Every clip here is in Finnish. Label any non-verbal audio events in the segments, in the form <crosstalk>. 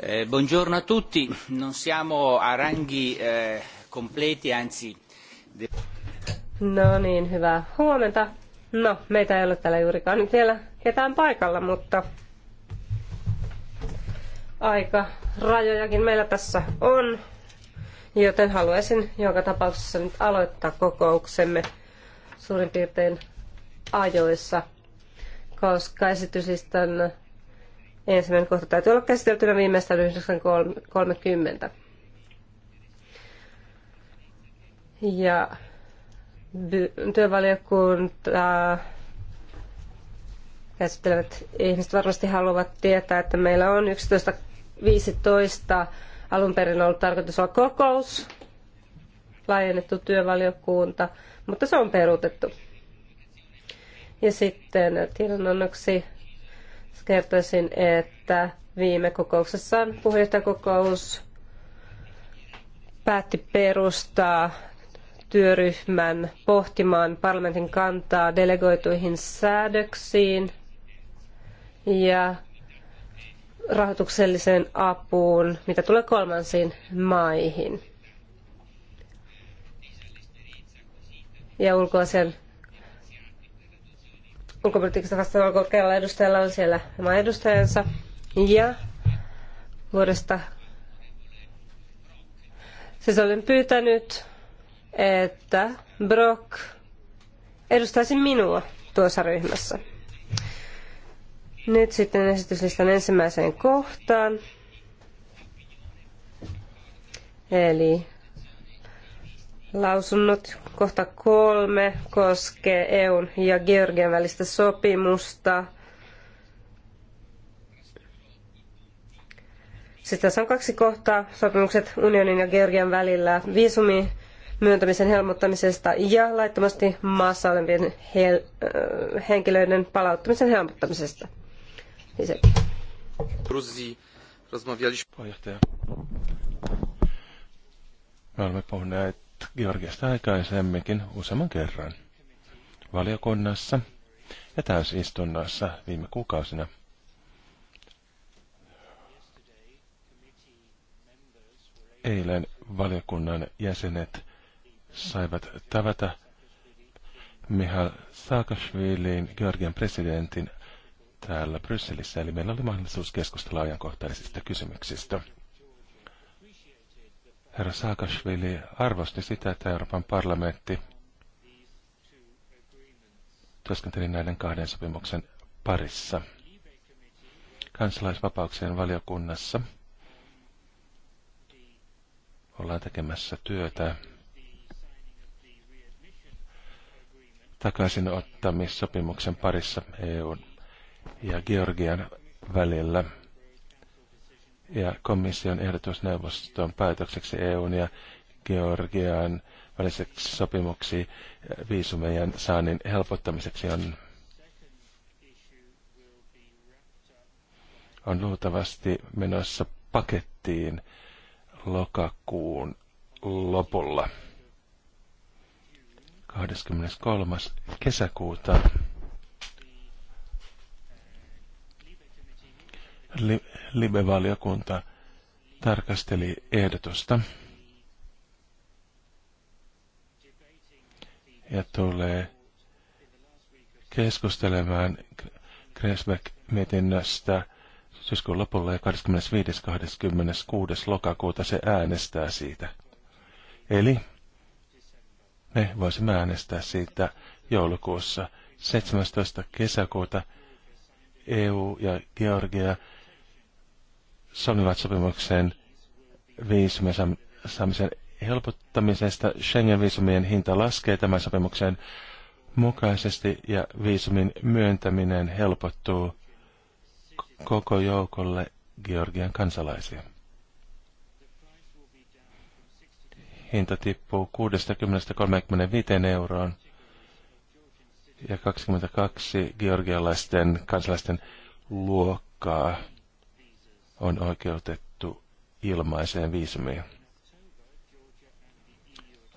Eh, buongiorno a tutti, non siamo a ranghi eh, completi, anzi... De... No niin, hyvää huomenta. No, meitä ei ole täällä juurikaan nyt vielä ketään paikalla, mutta aika rajojakin meillä tässä on, joten haluaisin joka tapauksessa nyt aloittaa kokouksemme suurin piirtein ajoissa, koska esityslistan Ensimmäinen kohta täytyy olla käsiteltynä viimeistään 1930. Ja työvaliokunta käsittelevät ihmiset varmasti haluavat tietää, että meillä on 11.15 alun perin ollut tarkoitus olla kokous, laajennettu työvaliokunta, mutta se on peruutettu. Ja sitten tiedonannoksi kertoisin, että viime kokouksessaan puheenjohtajakokous päätti perustaa työryhmän pohtimaan parlamentin kantaa delegoituihin säädöksiin ja rahoitukselliseen apuun, mitä tulee kolmansiin maihin. Ja ulkoasian ulkopolitiikasta vastaavalla korkealla edustajalla on siellä oma edustajansa. Ja vuodesta siis olen pyytänyt, että Brock edustaisi minua tuossa ryhmässä. Nyt sitten esityslistan ensimmäiseen kohtaan. Eli lausunnot. Kohta kolme koskee EUn ja Georgian välistä sopimusta. Sitten siis tässä on kaksi kohtaa, sopimukset unionin ja Georgian välillä viisumi myöntämisen helpottamisesta ja laittomasti maassa olevien äh, henkilöiden palauttamisen helpottamisesta. Siis Puheenjohtaja. Me olemme puhuneet Georgiasta aikaisemminkin useamman kerran. Valiokunnassa ja täysistunnossa viime kuukausina. Eilen valiokunnan jäsenet saivat tavata Mihal Saakashviliin, Georgian presidentin, täällä Brysselissä, eli meillä oli mahdollisuus keskustella ajankohtaisista kysymyksistä. Herra Saakashvili arvosti sitä, että Euroopan parlamentti työskenteli näiden kahden sopimuksen parissa kansalaisvapauksien valiokunnassa. Ollaan tekemässä työtä takaisinoottamissopimuksen parissa EUn ja Georgian välillä ja komission ehdotusneuvoston päätökseksi EUn ja Georgian väliseksi sopimuksi viisumejen saannin helpottamiseksi on, on luultavasti menossa pakettiin lokakuun lopulla. 23. kesäkuuta li, live-valiokunta tarkasteli ehdotusta ja tulee keskustelemaan Kresbeck-mietinnöstä syyskuun lopulla ja 25.26. lokakuuta se äänestää siitä. Eli me voisimme äänestää siitä joulukuussa 17. kesäkuuta EU ja Georgia solmivat sopimuksen viisumien saamisen helpottamisesta. Schengen-viisumien hinta laskee tämän sopimuksen mukaisesti ja viisumin myöntäminen helpottuu koko joukolle Georgian kansalaisia. Hinta tippuu 60-35 euroon ja 22 georgialaisten kansalaisten luokkaa on oikeutettu ilmaiseen viisumiin.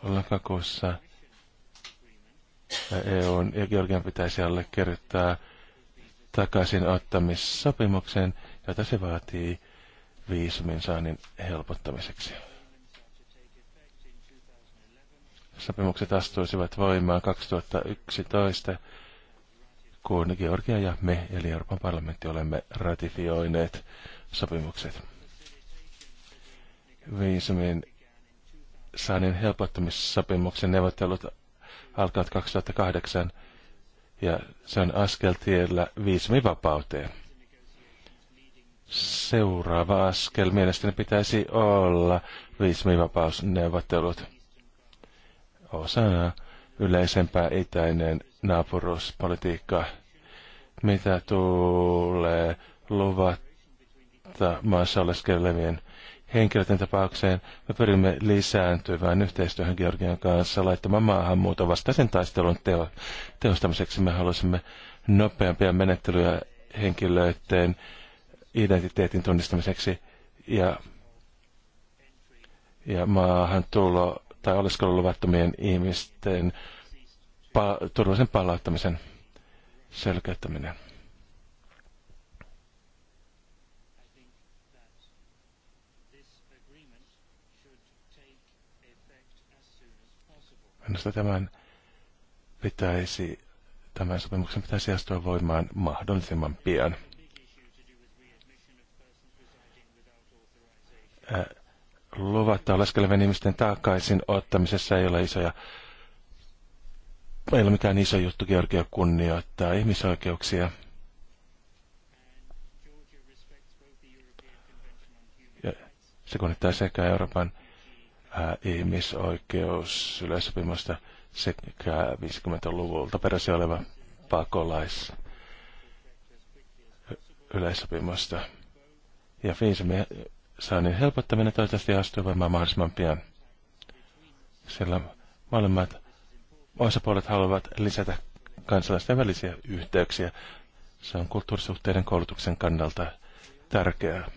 Lokakuussa EUn ja Georgian pitäisi allekirjoittaa takaisin ottamissopimuksen, jota se vaatii viisumin saannin helpottamiseksi. Sopimukset astuisivat voimaan 2011, kun Georgia ja me eli Euroopan parlamentti olemme ratifioineet sopimukset. Viisumin saannin helpottamissopimuksen neuvottelut alkavat 2008 ja se on askel tiellä viisumivapauteen. Seuraava askel mielestäni pitäisi olla viisumivapausneuvottelut osana yleisempää itäinen naapuruuspolitiikkaa, mitä tulee luvat valvonta maassa oleskelevien henkilöiden tapaukseen. Me pyrimme lisääntyvään yhteistyöhön Georgian kanssa laittamaan maahanmuuton vastaisen taistelun teo, tehostamiseksi. Me haluaisimme nopeampia menettelyjä henkilöiden identiteetin tunnistamiseksi ja, ja maahan tulo tai oleskeluluvattomien ihmisten pa- turvallisen palauttamisen selkeyttäminen. Minusta tämän pitäisi, tämän sopimuksen pitäisi astua voimaan mahdollisimman pian. luvatta oleskelevien ihmisten takaisin ottamisessa ei ole isoja ei ole mitään iso juttu Georgia kunnioittaa ihmisoikeuksia. Ja se kunnioittaa sekä Euroopan ihmisoikeusyleissopimusta sekä 50-luvulta peräisin oleva pakolais yleissopimusta. Ja viisumin saannin helpottaminen toivottavasti astuu voimaan mahdollisimman pian. Sillä molemmat osapuolet haluavat lisätä kansalaisten välisiä yhteyksiä. Se on kulttuurisuhteiden koulutuksen kannalta tärkeää.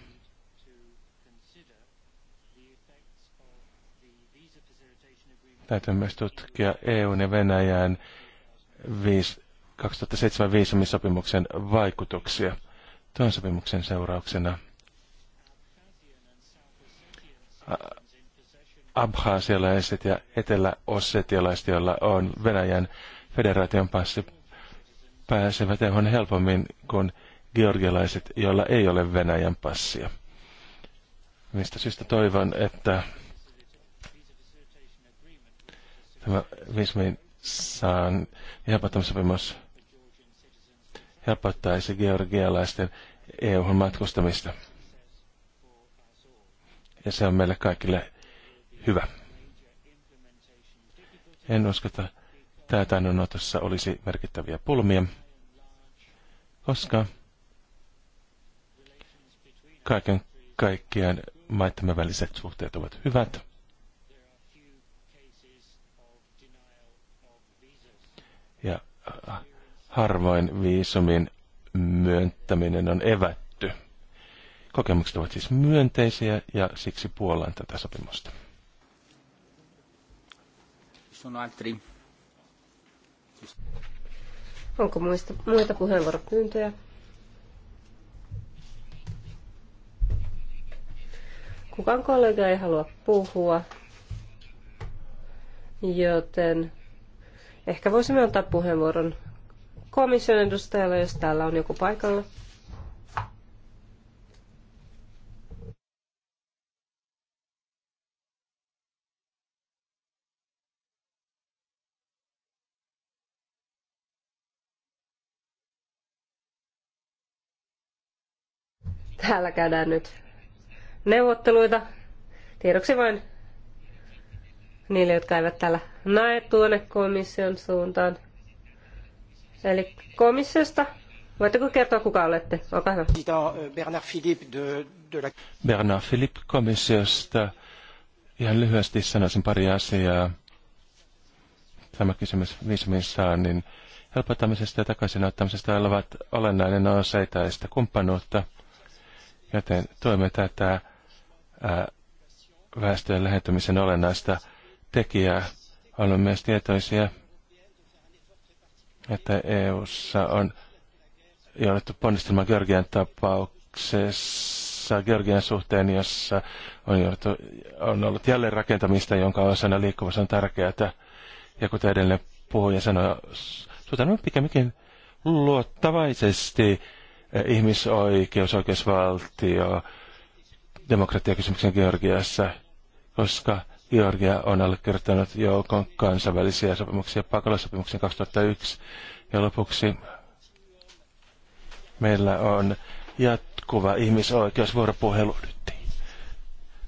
Täytyy myös tutkia EUn ja Venäjän 2007 viisumisopimuksen vaikutuksia. Tuon sopimuksen seurauksena abhaasialaiset ja etelä-ossetialaiset, joilla on Venäjän federaation passi, pääsevät EU:hun helpommin kuin georgialaiset, joilla ei ole Venäjän passia. Mistä syystä toivon, että Tämä Vismin saan helpottamisopimus helpottaisi georgialaisten EU-hun matkustamista. Ja se on meille kaikille hyvä. En usko, että tainnonotossa olisi merkittäviä pulmia, koska kaiken kaikkiaan maittamme väliset suhteet ovat hyvät. ja äh, harvoin viisumin myöntäminen on evätty. Kokemukset ovat siis myönteisiä ja siksi puollan tätä sopimusta. Onko muista, muita puheenvuoropyyntöjä? Kukaan kollega ei halua puhua, joten Ehkä voisimme antaa puheenvuoron komission edustajalle, jos täällä on joku paikalla. Täällä käydään nyt neuvotteluita. Tiedoksi vain niille, jotka eivät täällä näe tuonne komission suuntaan. Eli komissiosta, voitteko kertoa kuka olette? Olkaa hyvä. Bernard Philippe, de, de la... Bernard Philippe komissiosta. Ihan lyhyesti sanoisin pari asiaa. Tämä kysymys viisumin saannin helpottamisesta ja takaisinottamisesta olevat olennainen osa etäistä kumppanuutta, joten toimme tätä ää, väestön lähentymisen olennaista tekijää. Olemme myös tietoisia, että EU:ssa on jouduttu ponnistelma Georgian tapauksessa Georgian suhteen, jossa on, jouduttu, on ollut jälleen rakentamista, jonka osana liikkuvuus on tärkeää. Ja kuten edellinen puhuja sanoi, suhtaudumme pikemminkin luottavaisesti eh, ihmisoikeus, oikeusvaltio, demokratiakysymyksen Georgiassa, koska Georgia on allekirjoittanut joukon kansainvälisiä sopimuksia pakolaissopimuksen 2001. Ja lopuksi meillä on jatkuva ihmisoikeusvuoropuhelu,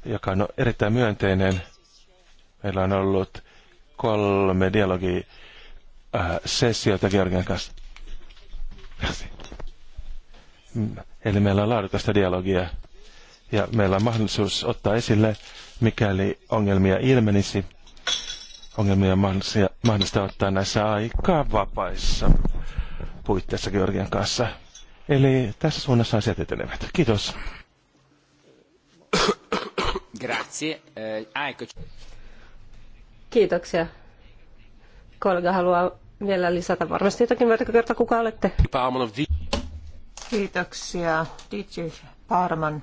joka on erittäin myönteinen. Meillä on ollut kolme dialogisessiota äh, Georgian kanssa. Eli meillä on laadukasta dialogia ja meillä on mahdollisuus ottaa esille, mikäli ongelmia ilmenisi. Ongelmia on mahdollista ottaa näissä aikaa vapaissa puitteissa Georgian kanssa. Eli tässä suunnassa asiat etenevät. Kiitos. Grazie. Eh, ah, Kiitoksia. Kollega haluaa vielä lisätä varmasti jotakin. Voitko kertoa, kuka olette? Kiitoksia. DJ Parman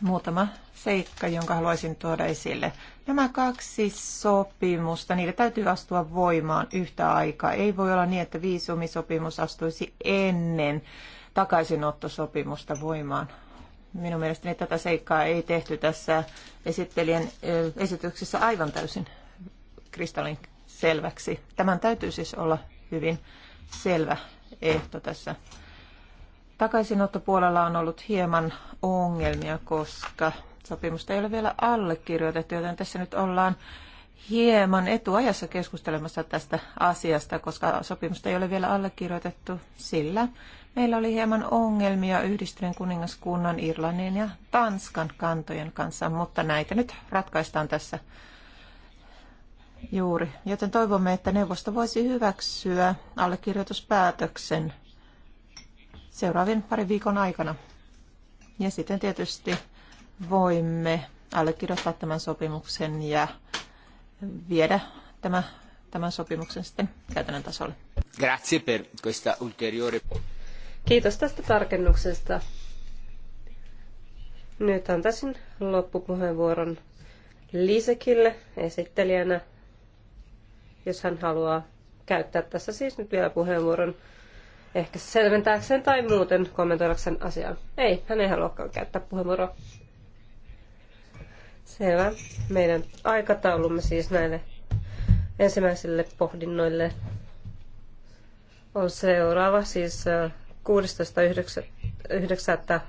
muutama seikka, jonka haluaisin tuoda esille. Nämä kaksi sopimusta, niiden täytyy astua voimaan yhtä aikaa. Ei voi olla niin, että viisumisopimus astuisi ennen takaisinottosopimusta voimaan. Minun mielestäni tätä seikkaa ei tehty tässä esittelijän esityksessä aivan täysin kristallin selväksi. Tämän täytyy siis olla hyvin selvä ehto tässä Takaisinottopuolella on ollut hieman ongelmia, koska sopimusta ei ole vielä allekirjoitettu, joten tässä nyt ollaan hieman etuajassa keskustelemassa tästä asiasta, koska sopimusta ei ole vielä allekirjoitettu, sillä meillä oli hieman ongelmia yhdistyneen kuningaskunnan, Irlannin ja Tanskan kantojen kanssa, mutta näitä nyt ratkaistaan tässä juuri. Joten toivomme, että neuvosto voisi hyväksyä allekirjoituspäätöksen seuraavien parin viikon aikana. Ja sitten tietysti voimme allekirjoittaa tämän sopimuksen ja viedä tämä, tämän sopimuksen sitten käytännön tasolle. Grazie per questa ulteriore... Kiitos tästä tarkennuksesta. Nyt antaisin loppupuheenvuoron Lisekille esittelijänä, jos hän haluaa käyttää tässä siis nyt vielä puheenvuoron ehkä selventääkseen tai muuten kommentoidakseen asiaa. Ei, hän ei haluakaan käyttää puheenvuoroa. Selvä. Meidän aikataulumme siis näille ensimmäisille pohdinnoille on seuraava. Siis 16.9. Äh,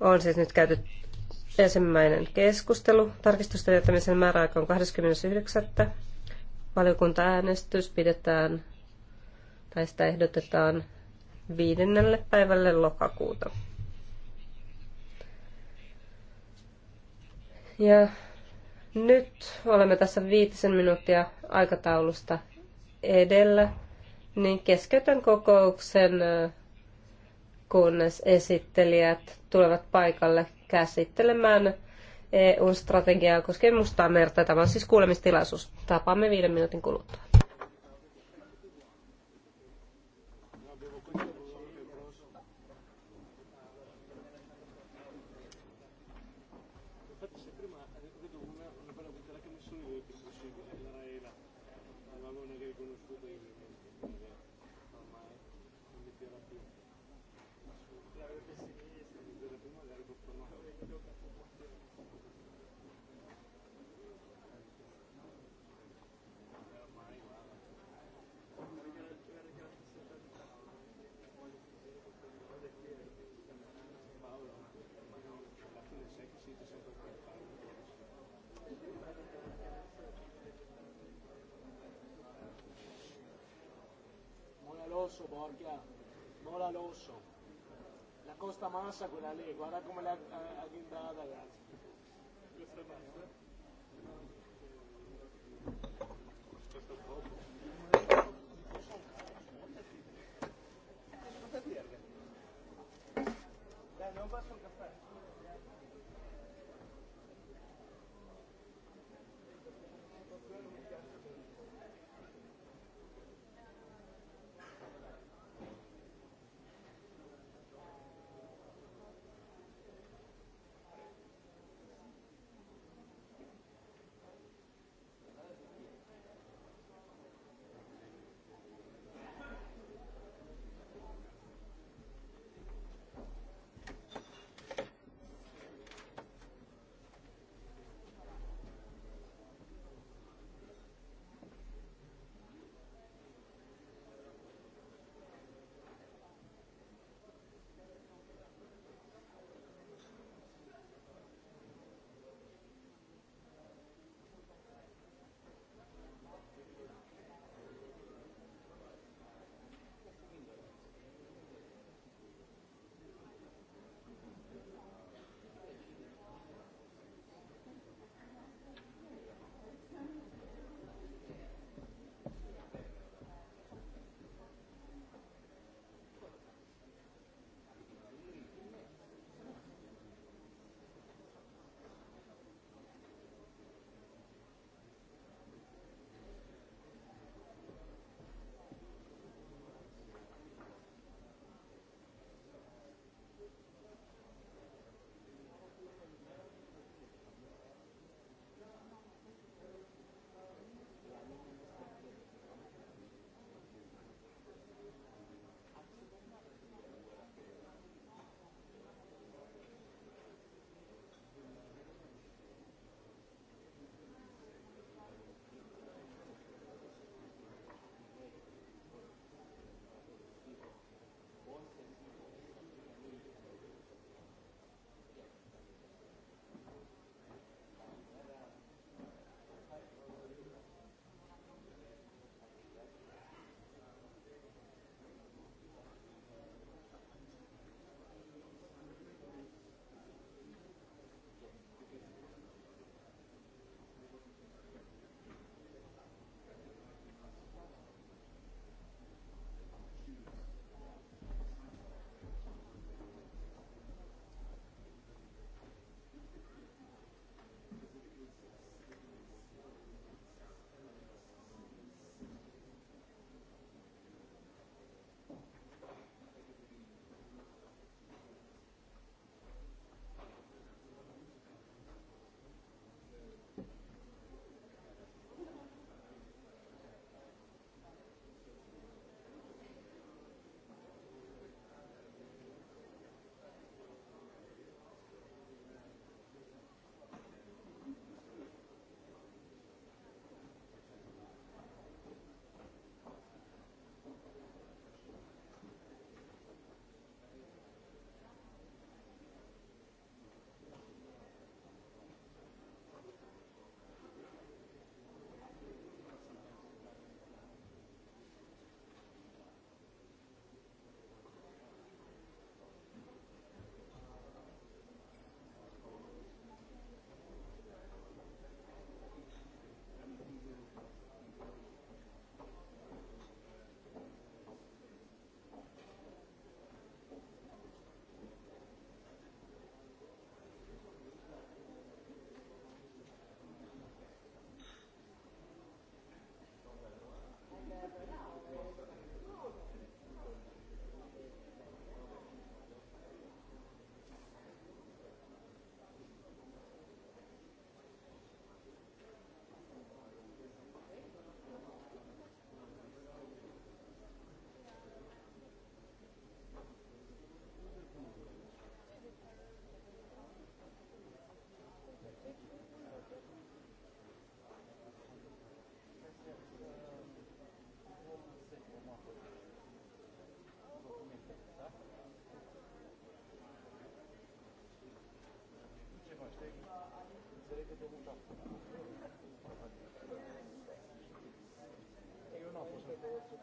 on siis nyt käyty ensimmäinen keskustelu. Tarkistusten jättämisen määräaika on 29. Valiokunta-äänestys pidetään tai sitä ehdotetaan viidennelle päivälle lokakuuta. Ja nyt olemme tässä viitisen minuuttia aikataulusta edellä, niin keskeytän kokouksen, kunnes esittelijät tulevat paikalle käsittelemään eu strategiaa koskien Mustaa merta. Tämä on siis kuulemistilaisuus. Tapaamme viiden minuutin kuluttua. Alonso porca. Mola Alonso. La Costa Massa quella lì, guarda come l'ha agghindata, ragazzi. Non ¿eh? no basta un caffè.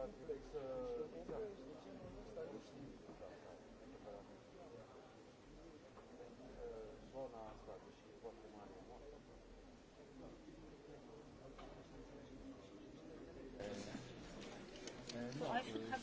Gracias.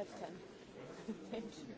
at 10. <laughs> Thank you.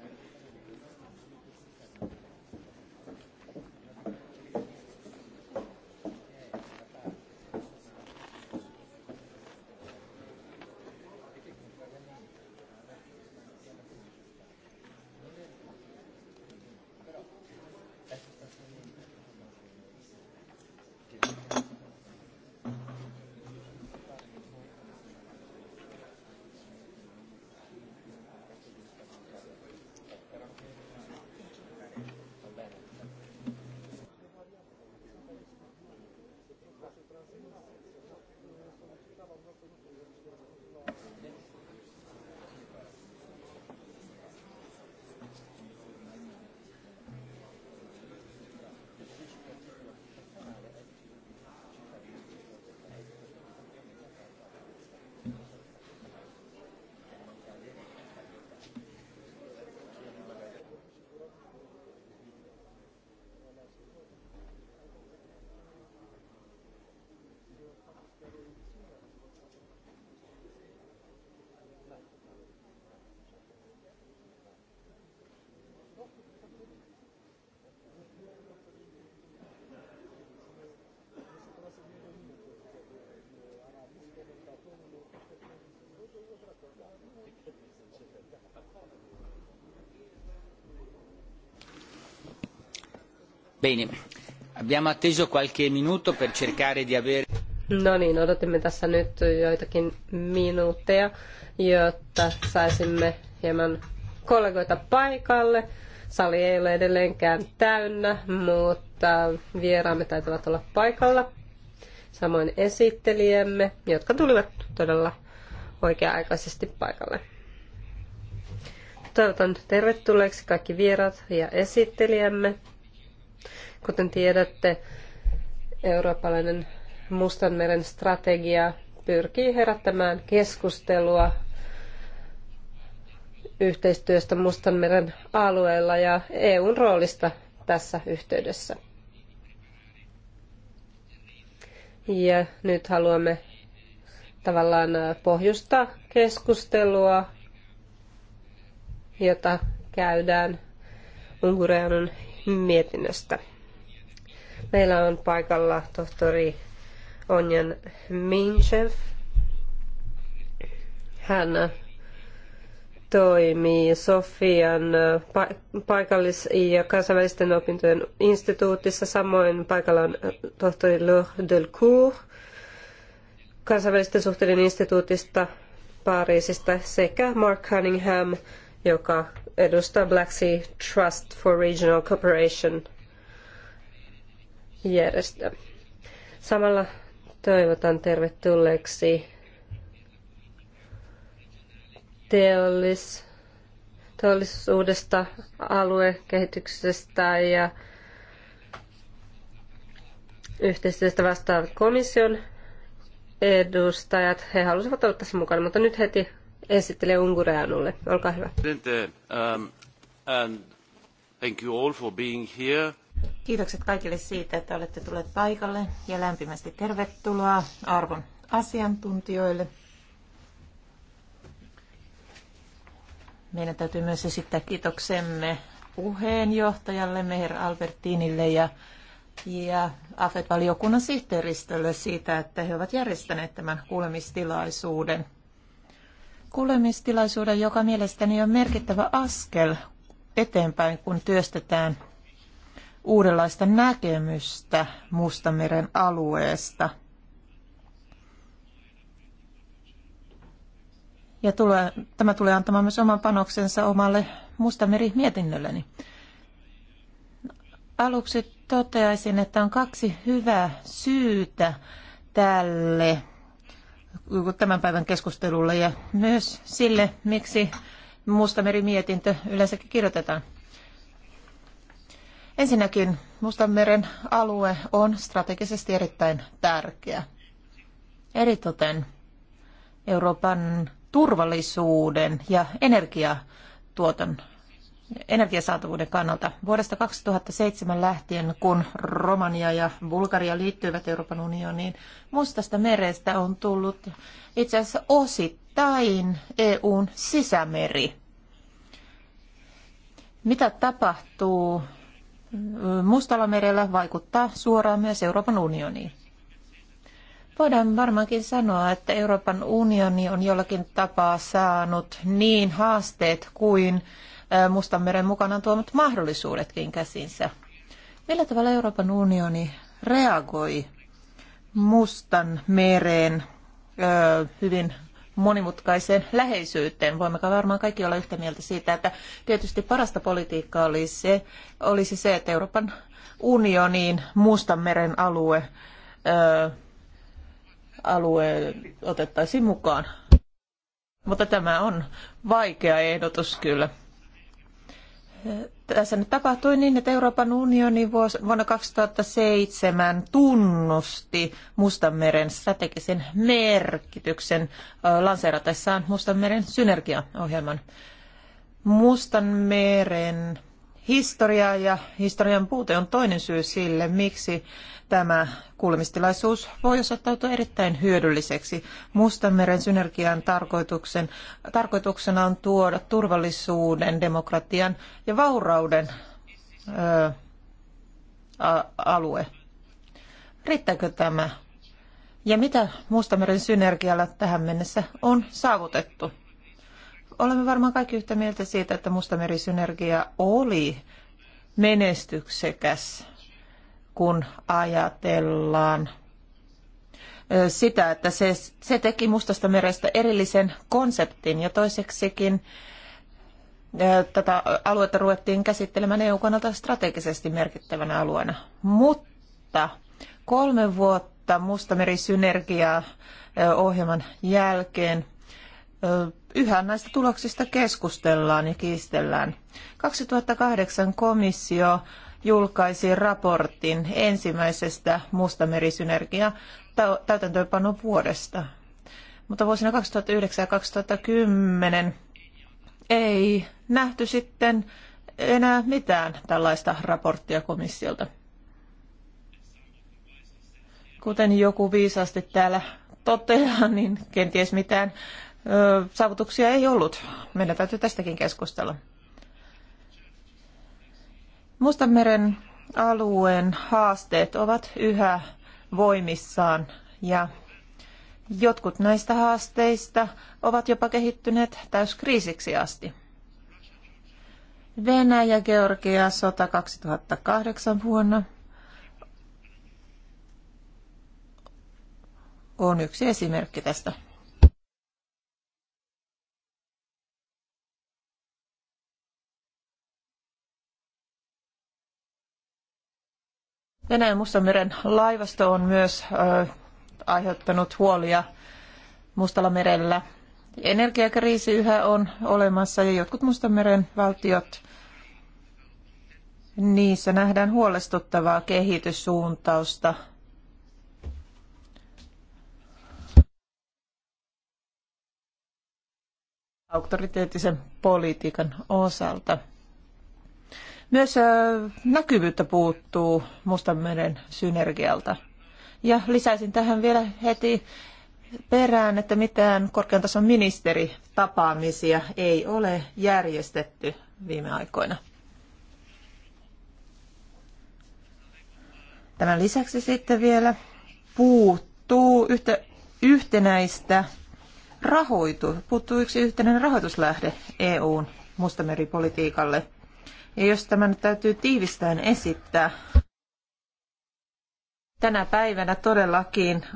Bene, abbiamo atteso qualche minuto per cercare di avere... No niin, odotimme tässä nyt joitakin minuutteja, jotta saisimme hieman kollegoita paikalle. Sali ei ole edelleenkään täynnä, mutta vieraamme taitavat olla paikalla. Samoin esittelijämme, jotka tulivat todella oikea-aikaisesti paikalle. Toivotan tervetulleeksi kaikki vieraat ja esittelijämme. Kuten tiedätte, eurooppalainen Mustanmeren strategia pyrkii herättämään keskustelua yhteistyöstä Mustanmeren alueella ja EUn roolista tässä yhteydessä. Ja nyt haluamme tavallaan pohjustaa keskustelua, jota käydään Ungureanon mietinnöstä. Meillä on paikalla tohtori Onjan Minchev. Hän toimii Sofian paikallis- ja kansainvälisten opintojen instituutissa. Samoin paikalla on tohtori Loh Delcourt kansainvälisten suhteiden instituutista Pariisista sekä Mark Cunningham joka edustaa Black Sea Trust for Regional Cooperation järjestöä. Samalla toivotan tervetulleeksi teollis, teollisuudesta, aluekehityksestä ja yhteistyöstä vastaavat komission edustajat. He halusivat olla tässä mukana, mutta nyt heti esittelee Ungureanulle. Olkaa hyvä. Um, Kiitokset kaikille siitä, että olette tulleet paikalle ja lämpimästi tervetuloa arvon asiantuntijoille. Meidän täytyy myös esittää kiitoksemme puheenjohtajallemme, herra Albertinille ja, ja AFET-valiokunnan sihteeristölle siitä, että he ovat järjestäneet tämän kuulemistilaisuuden – kuulemistilaisuuden, joka mielestäni on merkittävä askel eteenpäin, kun työstetään uudenlaista näkemystä Mustameren alueesta. Ja tulee, tämä tulee antamaan myös oman panoksensa omalle Mustameri-mietinnölleni. Aluksi toteaisin, että on kaksi hyvää syytä tälle tämän päivän keskustelulle ja myös sille, miksi Mustameri-mietintö yleensäkin kirjoitetaan. Ensinnäkin Mustanmeren alue on strategisesti erittäin tärkeä. Eritoten Euroopan turvallisuuden ja energiatuotannon energiasaatavuuden kannalta. Vuodesta 2007 lähtien, kun Romania ja Bulgaria liittyivät Euroopan unioniin, Mustasta merestä on tullut itse asiassa osittain EUn sisämeri. Mitä tapahtuu Mustalla merellä vaikuttaa suoraan myös Euroopan unioniin. Voidaan varmaankin sanoa, että Euroopan unioni on jollakin tapaa saanut niin haasteet kuin Mustanmeren mukanaan tuomat mahdollisuudetkin käsinsä. Millä tavalla Euroopan unioni reagoi Mustan mereen hyvin monimutkaiseen läheisyyteen. Voimme varmaan kaikki olla yhtä mieltä siitä, että tietysti parasta politiikkaa olisi se, olisi se että Euroopan unioniin Mustanmeren alue, ö, alue otettaisiin mukaan. Mutta tämä on vaikea ehdotus kyllä tässä nyt tapahtui niin, että Euroopan unioni vuonna 2007 tunnusti Mustanmeren strategisen merkityksen lanseeratessaan Mustanmeren synergiaohjelman. Mustanmeren Historia ja historian puute on toinen syy sille, miksi tämä kuulemistilaisuus voi osoittautua erittäin hyödylliseksi. Mustanmeren synergian tarkoituksen, tarkoituksena on tuoda turvallisuuden, demokratian ja vaurauden ö, a, alue. Riittääkö tämä? Ja mitä Mustanmeren synergialla tähän mennessä on saavutettu? Olemme varmaan kaikki yhtä mieltä siitä, että Mustamerisynergia oli menestyksekäs, kun ajatellaan sitä, että se, se teki Mustasta merestä erillisen konseptin ja toiseksikin tätä aluetta ruvettiin käsittelemään EU kannalta strategisesti merkittävänä alueena. Mutta kolme vuotta Mustamerisynergiaa ohjelman jälkeen yhä näistä tuloksista keskustellaan ja kiistellään. 2008 komissio julkaisi raportin ensimmäisestä mustamerisynergia täytäntöönpanon vuodesta. Mutta vuosina 2009 ja 2010 ei nähty sitten enää mitään tällaista raporttia komissiolta. Kuten joku viisaasti täällä toteaa, niin kenties mitään saavutuksia ei ollut. Meidän täytyy tästäkin keskustella. Mustanmeren alueen haasteet ovat yhä voimissaan ja jotkut näistä haasteista ovat jopa kehittyneet täyskriisiksi asti. Venäjä-Georgia sota 2008 vuonna on yksi esimerkki tästä. Venäjän Mustanmeren laivasto on myös aiheuttanut huolia Mustalla merellä. Energiakriisi yhä on olemassa ja jotkut Mustameren valtiot Niissä nähdään huolestuttavaa kehityssuuntausta. auktoriteettisen politiikan osalta. Myös näkyvyyttä puuttuu Mustanmeren synergialta. Ja lisäisin tähän vielä heti perään, että mitään korkean tason ministeritapaamisia ei ole järjestetty viime aikoina. Tämän lisäksi sitten vielä puuttuu yhtä, yhtenäistä rahoitu, puuttuu yksi yhtenäinen rahoituslähde EUn mustameripolitiikalle – ja jos tämä nyt täytyy tiivistään esittää, tänä päivänä todellakin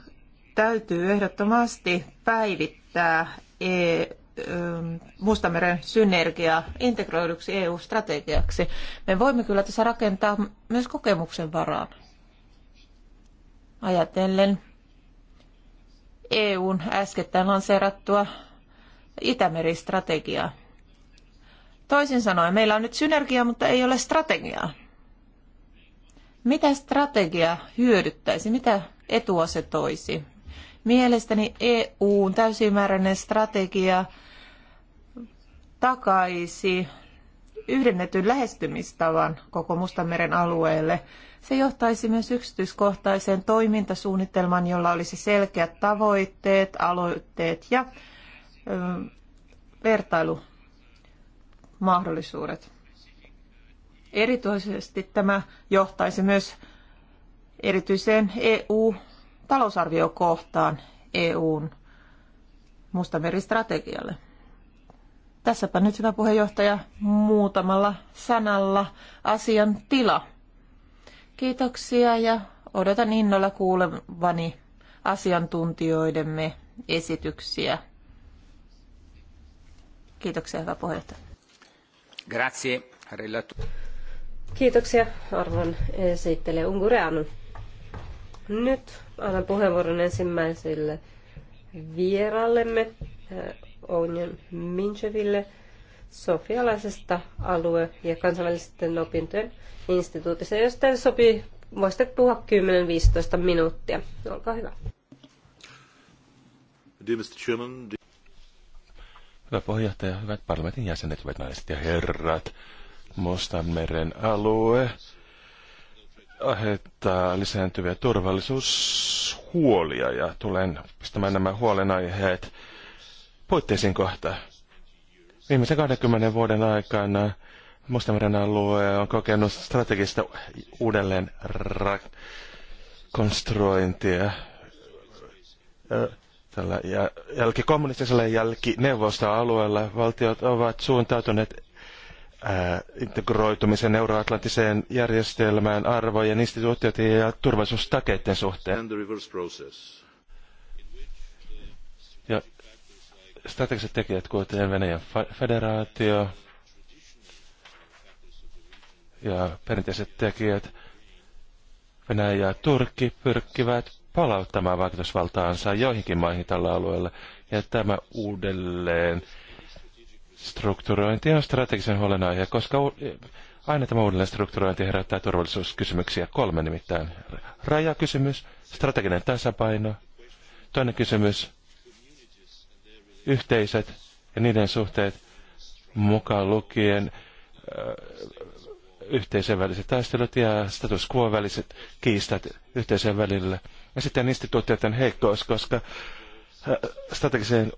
täytyy ehdottomasti päivittää e, Mustameren synergia integroiduksi EU-strategiaksi. Me voimme kyllä tässä rakentaa myös kokemuksen varaan. Ajatellen EUn äskettäin lanseerattua Itämeri-strategiaa. Toisin sanoen, meillä on nyt synergia, mutta ei ole strategiaa. Mitä strategia hyödyttäisi? Mitä etua se toisi? Mielestäni EUn täysimääräinen strategia takaisi yhdennetyn lähestymistavan koko Mustanmeren alueelle. Se johtaisi myös yksityiskohtaiseen toimintasuunnitelman, jolla olisi selkeät tavoitteet, aloitteet ja ö, vertailu mahdollisuudet. Erityisesti tämä johtaisi myös erityiseen EU-talousarviokohtaan EUn mustameristrategialle. Tässäpä nyt, hyvä puheenjohtaja, muutamalla sanalla asian tila. Kiitoksia ja odotan innolla kuulevani asiantuntijoidemme esityksiä. Kiitoksia, hyvä puheenjohtaja. Kiitoksia arvon esittelee Ungureanu. Nyt annan puheenvuoron ensimmäiselle vierallemme eh, Ounion Mincheville sofialaisesta alue- ja kansainvälisten opintojen instituutissa. Jos teille sopii, voisitte puhua 10-15 minuuttia. Olkaa hyvä. Dear Mr. Chairman, Hyvä puheenjohtaja, hyvät parlamentin jäsenet, hyvät naiset ja herrat. Mustanmeren alue aiheuttaa lisääntyviä turvallisuushuolia ja tulen pistämään nämä huolenaiheet puitteisiin kohta. Viimeisen 20 vuoden aikana Mustameren alue on kokenut strategista uudelleen konstruointia Tällä jälkikommunistisella ja alueella valtiot ovat suuntautuneet ää, integroitumisen euroatlanttiseen järjestelmään arvojen, instituutioiden ja turvallisuustakeiden suhteen. Ja strategiset tekijät, kuten Venäjän federaatio ja perinteiset tekijät, Venäjä ja Turkki pyrkivät palauttamaan vaikutusvaltaansa joihinkin maihin tällä alueella. Ja tämä uudelleen strukturointi on strategisen huolenaihe, koska aina tämä uudelleen strukturointi herättää turvallisuuskysymyksiä. Kolme nimittäin. Rajakysymys, strateginen tasapaino. Toinen kysymys, yhteiset ja niiden suhteet mukaan lukien yhteisön väliset taistelut ja status quo väliset kiistat yhteisön välillä. Ja sitten instituutioiden heikkous, koska äh, strategiseen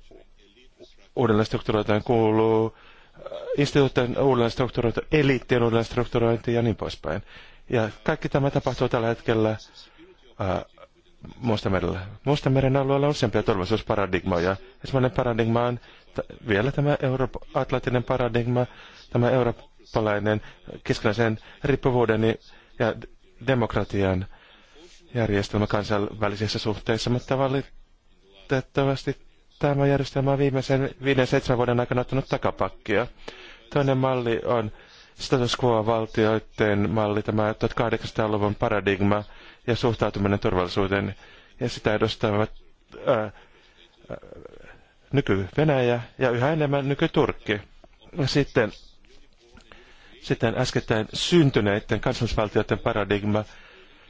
uudelleenstrukturointiin kuuluu äh, instituutin uudelleenstrukturointi, eliittien uudelleenstrukturointi ja niin poispäin. Ja kaikki tämä tapahtuu tällä hetkellä äh, Mustamerellä. Mustameren alueella on useampia turvallisuusparadigmoja. Ensimmäinen paradigma on vielä tämä Euroopan atlantinen paradigma, tämä Euroopan eurooppalainen keskinäisen riippuvuuden ja demokratian järjestelmä kansainvälisissä suhteissa, mutta valitettavasti tämä järjestelmä on viimeisen 5-7 vuoden aikana ottanut takapakkia. Toinen malli on status quo-valtioiden malli, tämä 1800-luvun paradigma ja suhtautuminen turvallisuuteen, ja sitä edustavat ää, nyky-Venäjä ja yhä enemmän nyky-Turkki. Sitten sitten äskettäin syntyneiden kansallisvaltioiden paradigma,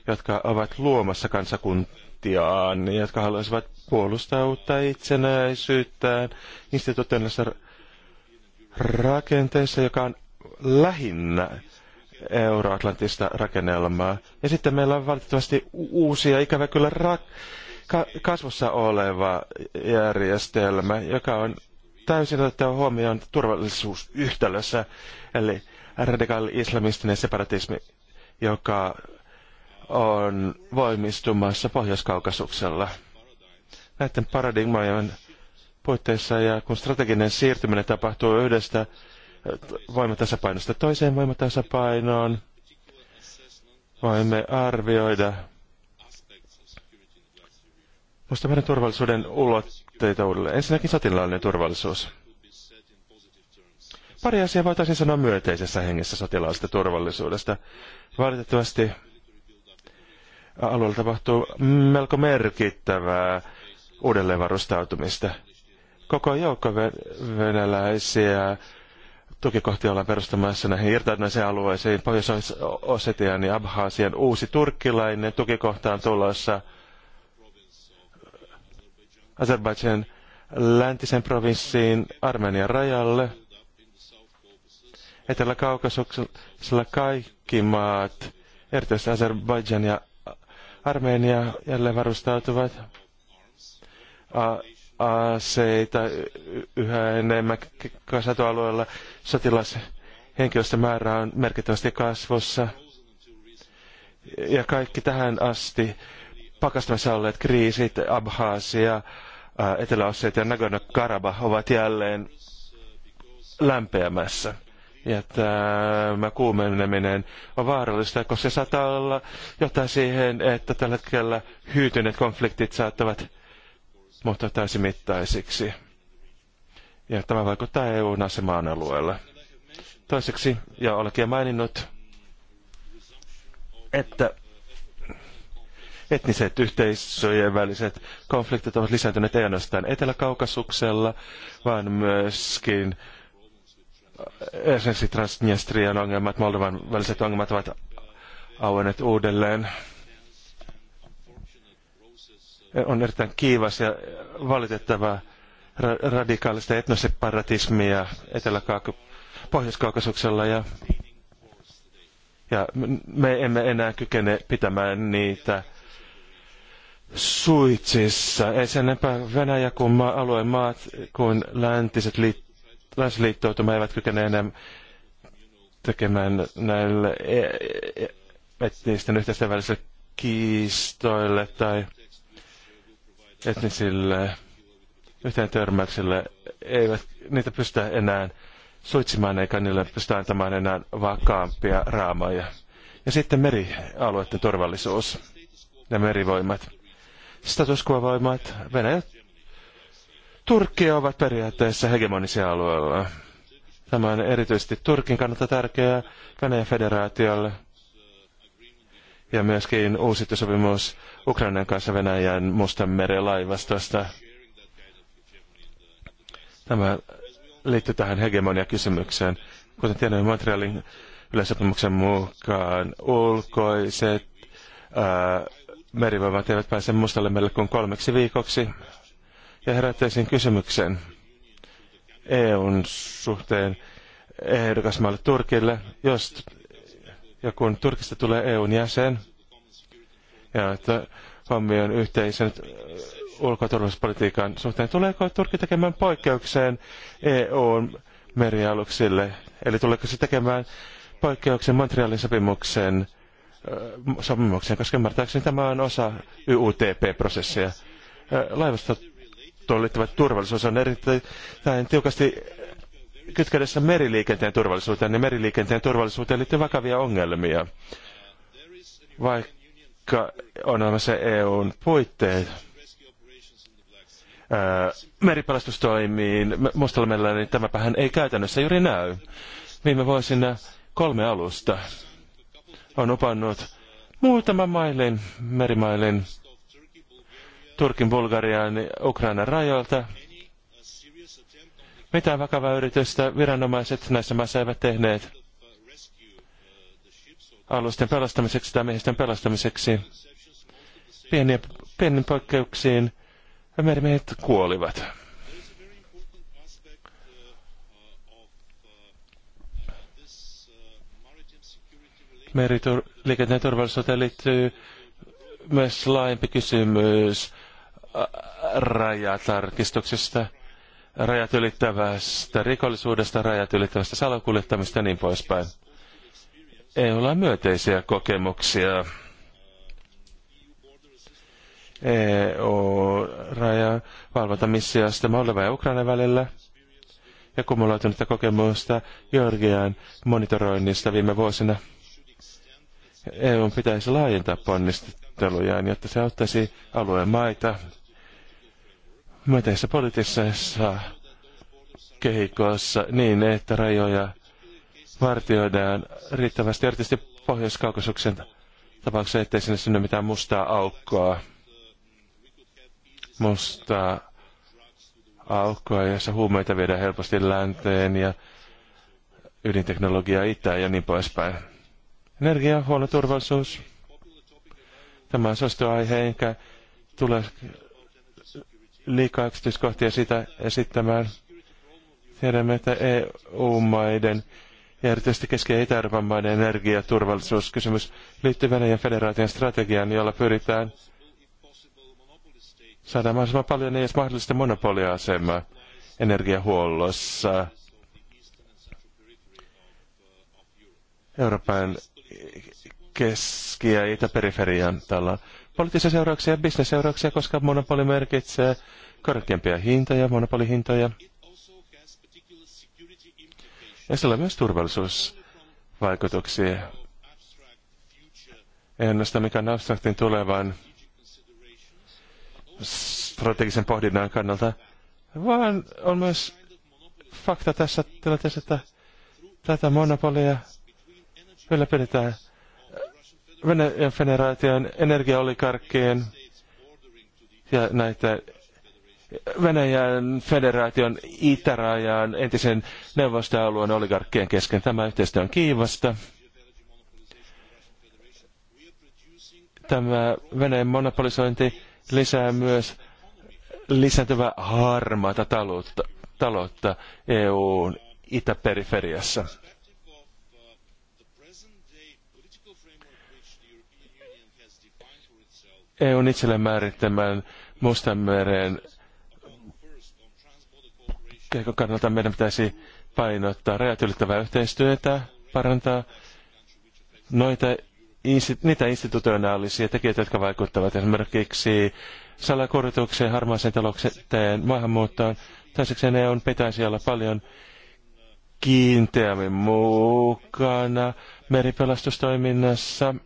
jotka ovat luomassa kansakuntiaan, jotka haluaisivat puolustautua itsenäisyyttään instituutioissa rakenteessa, joka on lähinnä euroatlantista rakennelmaa. Ja sitten meillä on valitettavasti uusia, ikävä kyllä ra- ka- kasvussa oleva järjestelmä, joka on täysin otettava huomioon turvallisuusyhtälössä. Eli radikaali-islamistinen separatismi, joka on voimistumassa Pohjois-Kaukasuksella. Näiden paradigmojen puitteissa ja kun strateginen siirtyminen tapahtuu yhdestä voimatasapainosta toiseen voimatasapainoon, voimme arvioida Musta meidän turvallisuuden ulotteita uudelleen. Ensinnäkin sotilaallinen turvallisuus. Pari asiaa voitaisiin sanoa myönteisessä hengessä sotilaallisesta turvallisuudesta. Valitettavasti alueella tapahtuu melko merkittävää uudelleenvarustautumista. Koko joukko venäläisiä tukikohtia ollaan perustamassa näihin irtaudunaisiin alueisiin. Pohjois-Osetian ja Abhaasian uusi turkkilainen tukikohta on tulossa. Azerbaidžan läntisen provinssiin Armenian rajalle – Etelä-Kaukasuksella kaikki maat, erityisesti Azerbaidžan ja Armenia, jälleen varustautuvat aseita yhä enemmän kasatoalueella. määrä on merkittävästi kasvussa. Ja kaikki tähän asti pakastamassa olleet kriisit, Abhaasia, Etelä-Osseet ja Nagorno-Karabah ovat jälleen lämpeämässä. Ja tämä äh, kuumeneminen on vaarallista, koska se saattaa olla jotain siihen, että tällä hetkellä hyytyneet konfliktit saattavat muuttua täysimittaisiksi. Ja tämä vaikuttaa EUn asemaan alueella. Toiseksi, ja olenkin maininnut, että etniset yhteisöjen väliset konfliktit ovat lisääntyneet ei ainoastaan Etelä-Kaukasuksella, vaan myöskin esimerkiksi Transnistrian ongelmat, Moldovan väliset ongelmat ovat auenneet uudelleen. On erittäin kiivas ja valitettava radikaalista etnoseparatismia etelä Pohjois-Kaukasuksella ja, ja me emme enää kykene pitämään niitä suitsissa. Ei sen enempää Venäjä kuin alueen maat kuin läntiset liittyvät länsiliittoutuma eivät kykene enää tekemään näille e- e- e- etnisten yhteisten välisille kiistoille tai etnisille yhteen törmäyksille. Eivät, niitä pystytä enää suitsimaan eikä niille pystytä antamaan enää vakaampia raamoja. Ja sitten merialueiden turvallisuus ja merivoimat. Status quo-voimat, Venäjä Turkkia ovat periaatteessa hegemonisia alueella. Tämä on erityisesti Turkin kannalta tärkeää Venäjän federaatiolle ja myöskin uusittu sopimus Ukrainan kanssa Venäjän meren laivastosta. Tämä liittyy tähän hegemonia-kysymykseen. Kuten tiedämme, Montrealin yleisopimuksen mukaan ulkoiset ää, merivoimat eivät pääse Mustalle merelle kuin kolmeksi viikoksi ja herättäisin kysymyksen EUn suhteen ehdokasmaalle Turkille, jos ja kun Turkista tulee EUn jäsen, ja että huomioon yhteisen ulko- ja turvallisuuspolitiikan suhteen, tuleeko Turkki tekemään poikkeukseen EUn merialuksille, eli tuleeko se tekemään poikkeuksen Montrealin sopimuksen sopimuksen koska ymmärtääkseni tämä on osa YUTP-prosessia. laivastot tuttuun liittyvät turvallisuus on erittäin tiukasti kytkädessä meriliikenteen turvallisuuteen, niin meriliikenteen turvallisuuteen liittyy vakavia ongelmia. Vaikka on olemassa EUn puitteet ää, meripelastustoimiin Mustalmella, niin tämäpähän ei käytännössä juuri näy. Viime vuosina kolme alusta on opannut muutaman mailin, merimailin Turkin, Bulgarian ja Ukrainan rajoilta. Mitään vakavaa yritystä viranomaiset näissä maissa eivät tehneet alusten pelastamiseksi tai miehistön pelastamiseksi. Pieniä, pienin poikkeuksiin merimiehet kuolivat. Meriliikenteen turvallisuuteen liittyy myös laajempi kysymys rajatarkistuksista, rajat ylittävästä rikollisuudesta, rajat ylittävästä salakuljettamista ja niin poispäin. Ei ole myönteisiä kokemuksia. EU-rajavalvontamissiosta Moldova ja Ukraina välillä ja kumuloitunutta kokemusta Georgian monitoroinnista viime vuosina. EU pitäisi laajentaa ponnistelujaan, jotta se auttaisi alueen maita myönteisessä poliittisessa kehikossa niin, että rajoja vartioidaan riittävästi, erityisesti Pohjois-Kaukasuksen tapauksessa, ettei sinne synny mitään mustaa aukkoa. Mustaa aukkoa, jossa huumeita viedään helposti länteen ja ydinteknologiaa itään ja niin poispäin. Energia, huono turvallisuus. Tämä on suosittu aihe, enkä tule liikaa yksityiskohtia sitä esittämään. Tiedämme, että EU-maiden ja erityisesti Keski- ja Itä-Euroopan maiden energiaturvallisuuskysymys liittyy Venäjän federaation strategiaan, jolla pyritään saada mahdollisimman paljon edes mahdollista monopoliasemaa energiahuollossa. Euroopan keski- ja itäperiferian tällä poliittisia seurauksia ja bisnesseurauksia, koska monopoli merkitsee korkeampia hintoja, monopolihintoja. Ja sillä on myös turvallisuusvaikutuksia. Ei mikä mikään abstraktin tulevan strategisen pohdinnan kannalta, vaan on myös fakta tässä tilanteessa, että tätä monopolia ylläpidetään Venäjän federaation energiaolikarkkien ja näitä Venäjän federaation itärajan entisen neuvostoalueen oligarkkien kesken. Tämä yhteistyö on kiivasta. Tämä Venäjän monopolisointi lisää myös lisääntyvää harmaata taloutta, taloutta EUn itäperiferiassa. EUn itselle määrittämään Mustanmeren kehikon kannalta meidän pitäisi painottaa rajat ylittävää yhteistyötä, parantaa noita niitä institutionaalisia tekijöitä, jotka vaikuttavat esimerkiksi salakuljetukseen, harmaaseen talouksetteen, maahanmuuttoon. Toisekseen EUn pitäisi olla paljon kiinteämmin mukana meripelastustoiminnassa –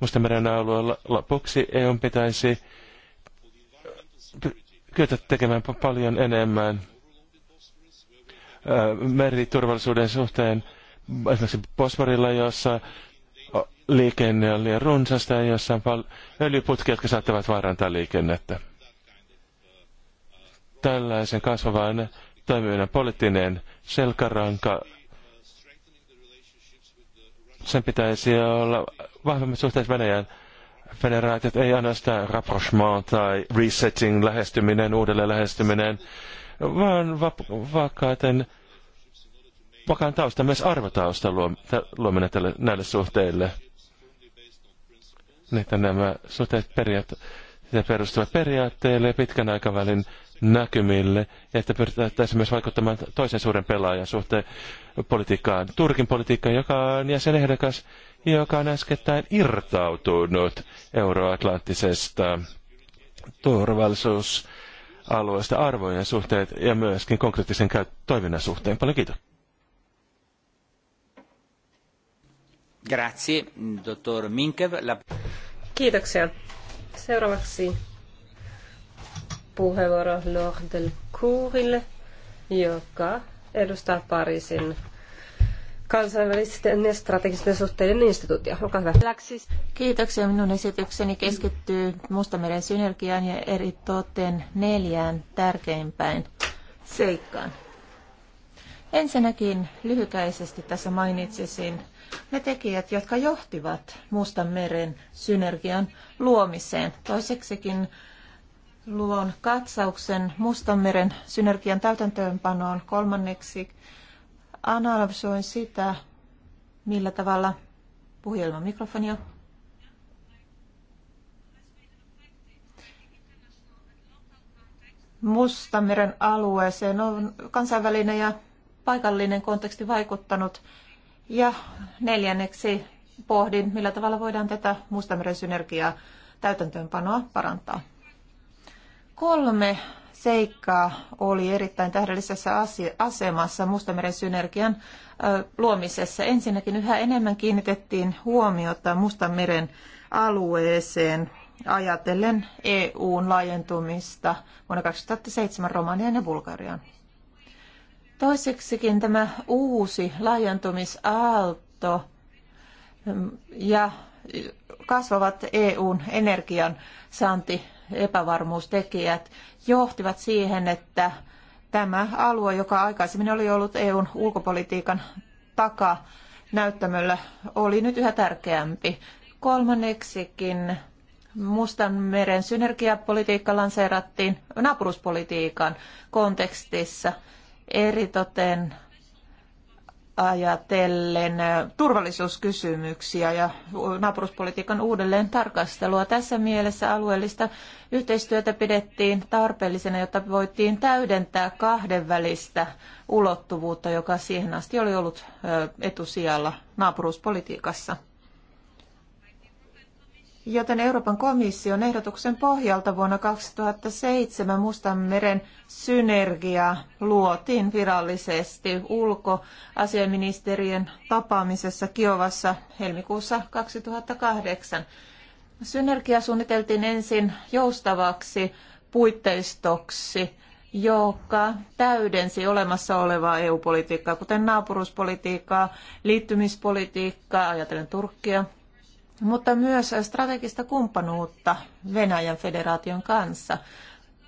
Mustameren alueella. Lopuksi EU pitäisi kyetä tekemään paljon enemmän meriturvallisuuden suhteen esimerkiksi Bosporilla, jossa liikenne on liian runsasta ja jossa on paljon öljyputkia, jotka saattavat vaarantaa liikennettä. Tällaisen kasvavan toimijan poliittinen selkäranka sen pitäisi olla vahvemmat suhteet Venäjään. Federaatiot ei ainoastaan rapprochement tai resetting lähestyminen, uudelleen lähestyminen, vaan vakaiten vakaan tausta, myös arvotausta luominen tälle, näille suhteille. Niin, että nämä suhteet periaatteet perustuvat periaatteille ja pitkän aikavälin näkymille että pyrittäisiin myös vaikuttamaan toisen suuren pelaajan suhteen politiikkaan. Turkin politiikkaan, joka on jäsenehdokas, joka on äskettäin irtautunut euroatlanttisesta turvallisuusalueesta arvojen suhteet ja myöskin konkreettisen toiminnan suhteen. Paljon kiitos. Grazie, dottor Minkev. La... Kiitoksia. Seuraavaksi puheenvuoro Nordelkuurille, joka edustaa Pariisin kansainvälisten ja strategisten suhteiden instituutio. Olkaa hyvä. Kiitoksia. Minun esitykseni keskittyy Mustameren synergiaan ja eri toteen neljään tärkeimpään seikkaan. Ensinnäkin lyhykäisesti tässä mainitsisin ne tekijät, jotka johtivat Mustan meren synergian luomiseen. Toiseksikin luon katsauksen Mustanmeren synergian täytäntöönpanoon kolmanneksi. Analysoin sitä, millä tavalla puhelman mikrofonia. Mustanmeren alueeseen on kansainvälinen ja paikallinen konteksti vaikuttanut. Ja neljänneksi pohdin, millä tavalla voidaan tätä Mustanmeren synergiaa täytäntöönpanoa parantaa. Kolme seikkaa oli erittäin tähdellisessä asemassa Mustameren synergian luomisessa. Ensinnäkin yhä enemmän kiinnitettiin huomiota Mustameren alueeseen ajatellen EUn laajentumista vuonna 2007 Romanian ja Bulgarian. Toiseksikin tämä uusi laajentumisaalto mm, ja kasvavat EUn energian saanti epävarmuustekijät johtivat siihen, että tämä alue, joka aikaisemmin oli ollut EUn ulkopolitiikan taka näyttämöllä, oli nyt yhä tärkeämpi. Kolmanneksikin Mustan meren synergiapolitiikka lanseerattiin naapuruspolitiikan kontekstissa eritoten ajatellen turvallisuuskysymyksiä ja naapuruspolitiikan uudelleen tarkastelua. Tässä mielessä alueellista yhteistyötä pidettiin tarpeellisena, jotta voitiin täydentää kahdenvälistä ulottuvuutta, joka siihen asti oli ollut etusijalla naapuruuspolitiikassa joten Euroopan komission ehdotuksen pohjalta vuonna 2007 Mustanmeren synergia luotiin virallisesti ulkoasiaministeriön tapaamisessa Kiovassa helmikuussa 2008. Synergia suunniteltiin ensin joustavaksi puitteistoksi, joka täydensi olemassa olevaa EU-politiikkaa, kuten naapuruuspolitiikkaa, liittymispolitiikkaa, ajatellen Turkkia, mutta myös strategista kumppanuutta Venäjän federaation kanssa.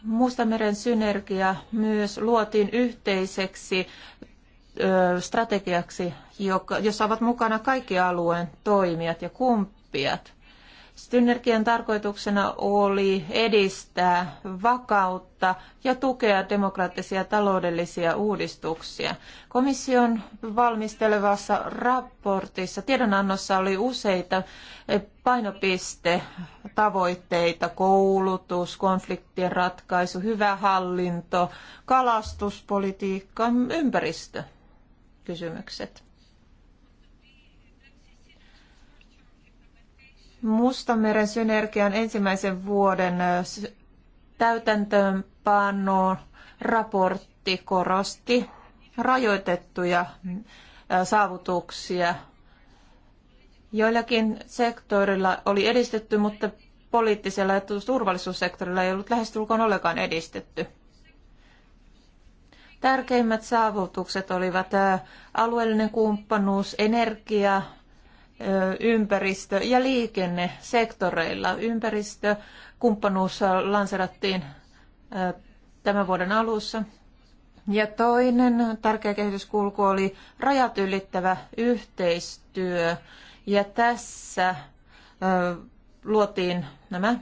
Mustameren synergia myös luotiin yhteiseksi strategiaksi, jossa ovat mukana kaikki alueen toimijat ja kumppijat. Synergian tarkoituksena oli edistää vakautta ja tukea demokraattisia taloudellisia uudistuksia. Komission valmistelevassa raportissa tiedonannossa oli useita painopistetavoitteita, koulutus, konfliktien ratkaisu, hyvä hallinto, kalastuspolitiikka, ympäristö kysymykset. Mustameren synergian ensimmäisen vuoden täytäntöönpano raportti korosti rajoitettuja saavutuksia. Joillakin sektorilla oli edistetty, mutta poliittisella ja turvallisuussektorilla ei ollut lähestulkoon ollenkaan edistetty. Tärkeimmät saavutukset olivat alueellinen kumppanuus, energia, ympäristö- ja liikennesektoreilla. Ympäristökumppanuus lanserattiin tämän vuoden alussa. Ja toinen tärkeä kehityskulku oli rajat ylittävä yhteistyö. Ja tässä luotiin nämä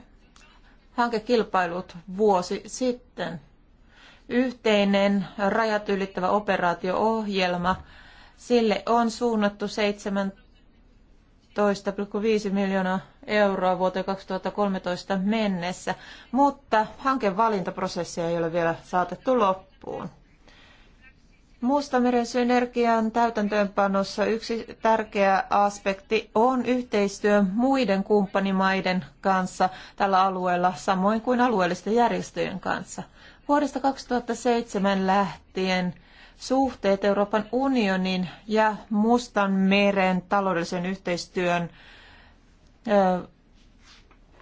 hankekilpailut vuosi sitten. Yhteinen rajat ylittävä operaatioohjelma, sille on suunnattu 7 12,5 miljoonaa euroa vuoteen 2013 mennessä, mutta hankevalintaprosessia ei ole vielä saatettu loppuun. Mustameren synergian täytäntöönpanossa yksi tärkeä aspekti on yhteistyö muiden kumppanimaiden kanssa tällä alueella, samoin kuin alueellisten järjestöjen kanssa. Vuodesta 2007 lähtien suhteet Euroopan unionin ja Mustan meren taloudellisen yhteistyön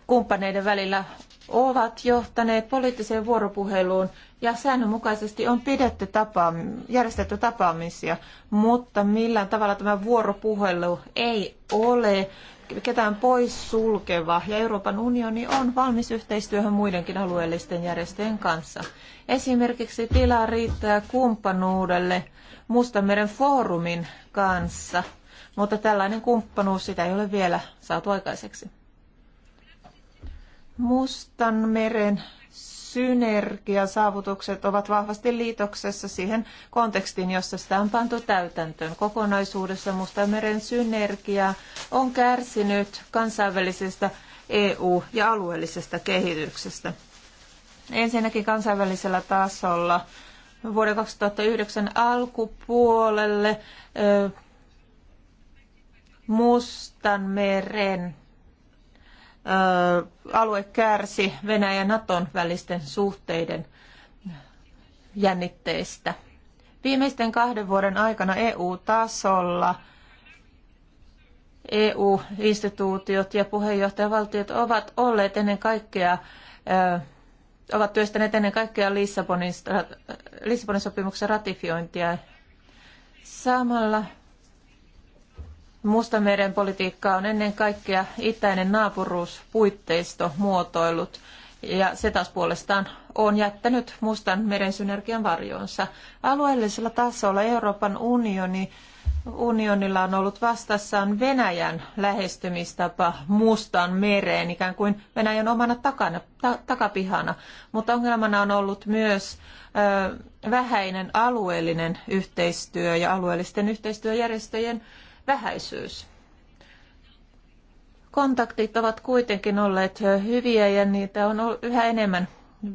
kumppaneiden välillä ovat johtaneet poliittiseen vuoropuheluun ja säännönmukaisesti on pidetty tapaam- järjestetty tapaamisia, mutta millään tavalla tämä vuoropuhelu ei ole ketään pois sulkeva ja Euroopan unioni on valmis yhteistyöhön muidenkin alueellisten järjestöjen kanssa. Esimerkiksi tilaa riittää äh, kumppanuudelle Mustanmeren foorumin kanssa, mutta tällainen kumppanuus sitä ei ole vielä saatu aikaiseksi. Mustanmeren synergiasaavutukset ovat vahvasti liitoksessa siihen kontekstiin, jossa sitä on pantu täytäntöön. Kokonaisuudessa Mustameren synergia on kärsinyt kansainvälisestä EU- ja alueellisesta kehityksestä. Ensinnäkin kansainvälisellä tasolla vuoden 2009 alkupuolelle Mustanmeren alue kärsi Venäjän ja Naton välisten suhteiden jännitteistä. Viimeisten kahden vuoden aikana EU-tasolla EU-instituutiot ja puheenjohtajavaltiot ovat olleet ennen kaikkea ovat työstäneet ennen kaikkea Lissabonin, Lissabonin sopimuksen ratifiointia. Samalla Mustameren politiikkaa on ennen kaikkea itäinen naapuruuspuitteisto muotoillut, ja se taas puolestaan on jättänyt Mustan meren synergian varjoonsa. Alueellisella tasolla Euroopan unioni unionilla on ollut vastassaan Venäjän lähestymistapa Mustan mereen, ikään kuin Venäjän omana takana, ta, takapihana. Mutta ongelmana on ollut myös ö, vähäinen alueellinen yhteistyö ja alueellisten yhteistyöjärjestöjen vähäisyys. Kontaktit ovat kuitenkin olleet hyviä ja niitä on yhä enemmän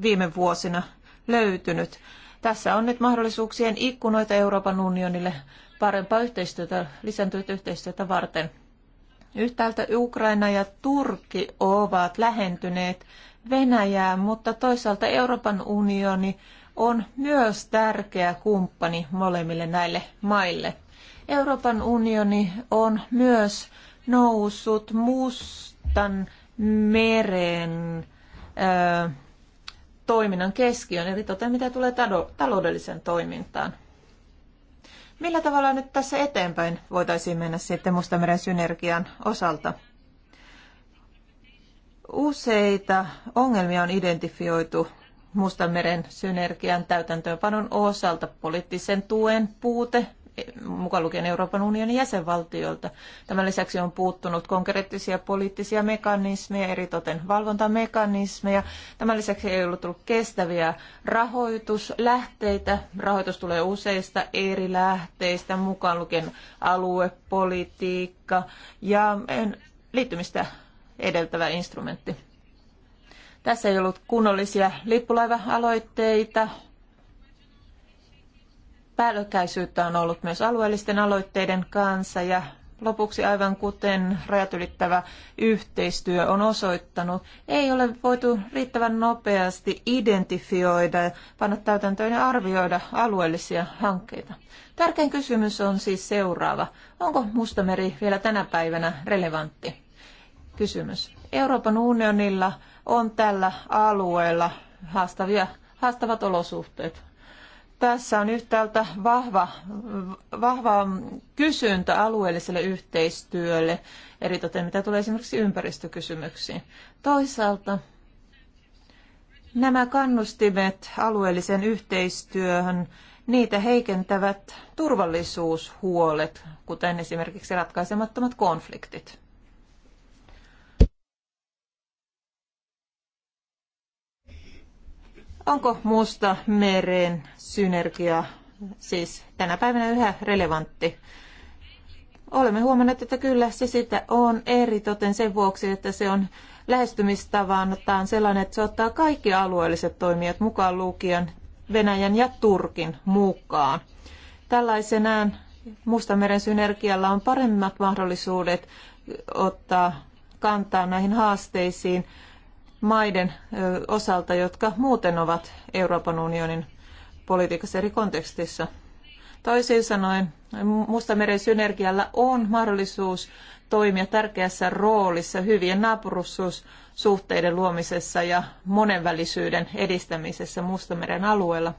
viime vuosina löytynyt. Tässä on nyt mahdollisuuksien ikkunoita Euroopan unionille parempaa yhteistyötä, lisääntynyt yhteistyötä varten. Yhtäältä Ukraina ja Turkki ovat lähentyneet Venäjää, mutta toisaalta Euroopan unioni on myös tärkeä kumppani molemmille näille maille. Euroopan unioni on myös noussut mustan meren ö, toiminnan keskiön, eli tota mitä tulee taloudelliseen toimintaan. Millä tavalla nyt tässä eteenpäin voitaisiin mennä sitten Mustameren synergian osalta? Useita ongelmia on identifioitu Mustanmeren synergian täytäntöönpanon osalta poliittisen tuen puute, mukaan lukien Euroopan unionin jäsenvaltioilta. Tämän lisäksi on puuttunut konkreettisia poliittisia mekanismeja, eritoten valvontamekanismeja. Tämän lisäksi ei ollut tullut kestäviä rahoituslähteitä. Rahoitus tulee useista eri lähteistä, mukaan lukien aluepolitiikka ja eh, liittymistä edeltävä instrumentti. Tässä ei ollut kunnollisia lippulaiva-aloitteita, päällekkäisyyttä on ollut myös alueellisten aloitteiden kanssa ja lopuksi aivan kuten rajat ylittävä yhteistyö on osoittanut, ei ole voitu riittävän nopeasti identifioida, panna täytäntöön ja arvioida alueellisia hankkeita. Tärkein kysymys on siis seuraava. Onko Mustameri vielä tänä päivänä relevantti? Kysymys. Euroopan unionilla on tällä alueella haastavia, haastavat olosuhteet tässä on yhtäältä vahva, vahva kysyntä alueelliselle yhteistyölle, eritoten mitä tulee esimerkiksi ympäristökysymyksiin. Toisaalta nämä kannustimet alueelliseen yhteistyöhön, niitä heikentävät turvallisuushuolet, kuten esimerkiksi ratkaisemattomat konfliktit. Onko Musta meren synergia siis tänä päivänä yhä relevantti? Olemme huomanneet, että kyllä se sitä on eri toten sen vuoksi, että se on lähestymistavaan sellainen, että se ottaa kaikki alueelliset toimijat mukaan lukien Venäjän ja Turkin mukaan. Tällaisenään Mustameren synergialla on paremmat mahdollisuudet ottaa kantaa näihin haasteisiin maiden osalta, jotka muuten ovat Euroopan unionin politiikassa eri kontekstissa. Toisin sanoen, Mustameren synergialla on mahdollisuus toimia tärkeässä roolissa hyvien naapurussuhteiden luomisessa ja monenvälisyyden edistämisessä Mustameren alueella.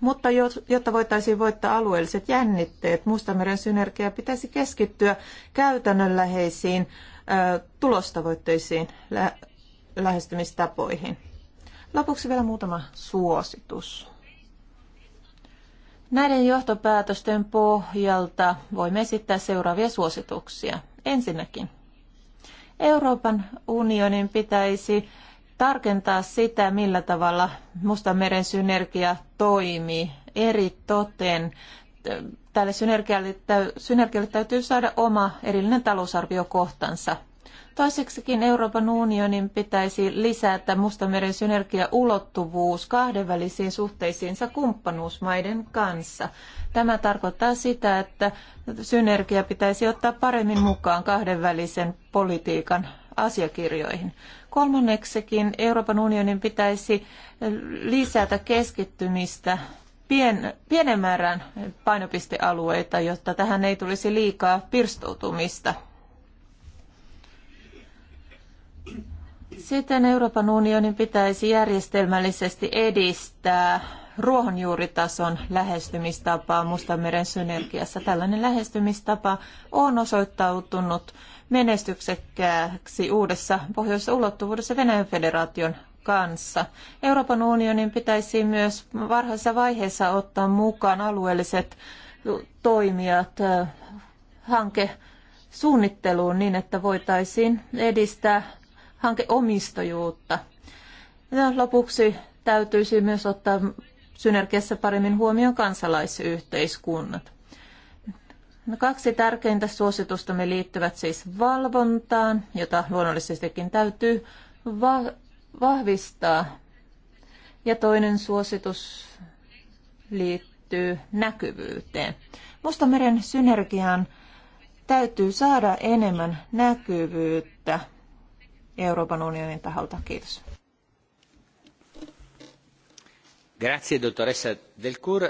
Mutta jotta voitaisiin voittaa alueelliset jännitteet, Mustameren synergia pitäisi keskittyä käytännönläheisiin tulostavoitteisiin lähestymistapoihin. Lopuksi vielä muutama suositus. Näiden johtopäätösten pohjalta voimme esittää seuraavia suosituksia. Ensinnäkin, Euroopan unionin pitäisi tarkentaa sitä, millä tavalla Mustanmeren synergia toimii eri toteen Tälle synergialle, synergialle täytyy saada oma erillinen talousarviokohtansa Toiseksikin Euroopan unionin pitäisi lisätä Mustameren synergiaulottuvuus kahdenvälisiin suhteisiinsa kumppanuusmaiden kanssa. Tämä tarkoittaa sitä, että synergia pitäisi ottaa paremmin mukaan kahdenvälisen politiikan asiakirjoihin. Kolmanneksikin Euroopan unionin pitäisi lisätä keskittymistä pien, pienen määrän painopistealueita, jotta tähän ei tulisi liikaa pirstoutumista – Sitten Euroopan unionin pitäisi järjestelmällisesti edistää ruohonjuuritason lähestymistapaa Mustanmeren synergiassa. Tällainen lähestymistapa on osoittautunut menestyksekkääksi uudessa pohjoisessa ulottuvuudessa Venäjän federaation kanssa. Euroopan unionin pitäisi myös varhaisessa vaiheessa ottaa mukaan alueelliset toimijat eh, hanke suunnitteluun niin, että voitaisiin edistää hankeomistajuutta. Ja lopuksi täytyisi myös ottaa synergiassa paremmin huomioon kansalaisyhteiskunnat. No kaksi tärkeintä suositustamme liittyvät siis valvontaan, jota luonnollisestikin täytyy va- vahvistaa. Ja toinen suositus liittyy näkyvyyteen. Mustameren synergiaan täytyy saada enemmän näkyvyyttä Euroopan unionin taholta. Kiitos. Grazie, dottoressa Delcour.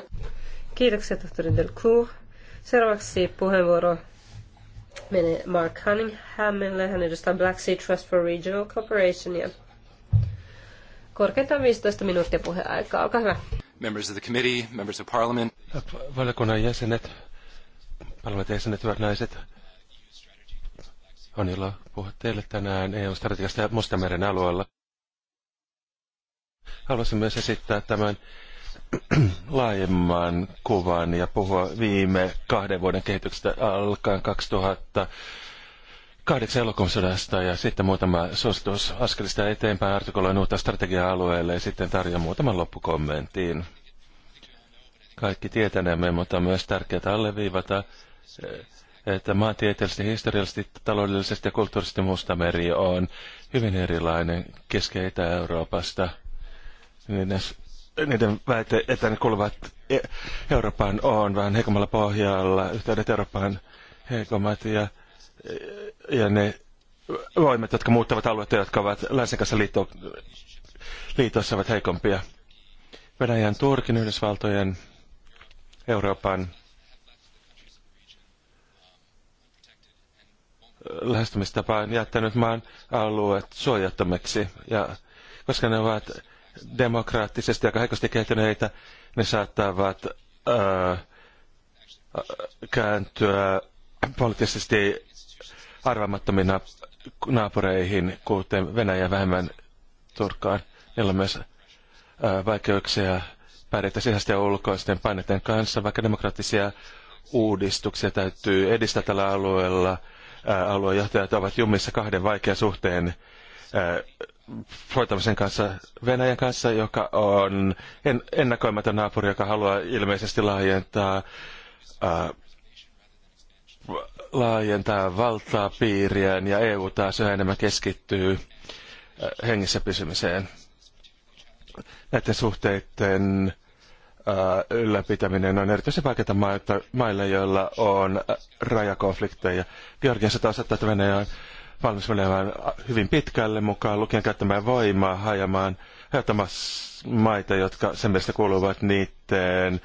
Kiitoksia, tohtori Delcour. Seuraavaksi puheenvuoro menee Mark Cunninghamille. Hän edustaa Black Sea Trust for Regional Corporationia. Korkeintaan 15 minuuttia puheaikaa. Olkaa hyvä. Members of the committee, members of parliament. Valiokunnan jäsenet, parlamentin jäsenet, hyvät naiset, on ilo puhua teille tänään EU-strategiasta ja Mustameren alueella. Haluaisin myös esittää tämän <clears throat> laajemman kuvan ja puhua viime kahden vuoden kehityksestä alkaen 2000 kahdeksan elokuun sodasta ja sitten muutama suositus askelista eteenpäin artikuloin uutta strategiaa alueelle ja sitten tarjoan muutaman loppukommentin. Kaikki tietäneemme, mutta on myös tärkeää alleviivata, eh, että maantieteellisesti, historiallisesti, taloudellisesti ja kulttuurisesti Mustameri on hyvin erilainen Keski- Itä-Euroopasta. Niiden, niiden väite, että ne kuuluvat e-, Eurooppaan on vähän heikommalla pohjalla, yhteydet Eurooppaan heikommat ja, ja ne voimat, jotka muuttavat alueita, jotka ovat länsin kanssa liitto, liitossa, ovat heikompia. Venäjän, Turkin, Yhdysvaltojen, Euroopan lähestymistapa on jättänyt maan alueet suojattomiksi. Ja koska ne ovat demokraattisesti aika heikosti kehittyneitä, ne saattavat kääntyä poliittisesti arvaamattomina naapureihin, kuten Venäjä vähemmän Turkkaan. Niillä on myös vaikeuksia pärjätä sisäisten ja ulkoisten paineiden kanssa, vaikka demokraattisia uudistuksia täytyy edistää tällä alueella – aluejohtajat ovat jumissa kahden vaikean suhteen hoitamisen kanssa Venäjän kanssa, joka on en, ennakoimaton naapuri, joka haluaa ilmeisesti laajentaa, ää, laajentaa valtaa piiriään ja EU taas yhä enemmän keskittyy ää, hengissä pysymiseen. Näiden suhteiden Äh, ylläpitäminen on erityisen vaikeaa maita, maille, joilla on rajakonflikteja. Georgiassa taas että Venäjä on valmis menemään hyvin pitkälle mukaan, lukien käyttämään voimaa, hajamaan, maita, jotka sen mielestä kuuluvat niiden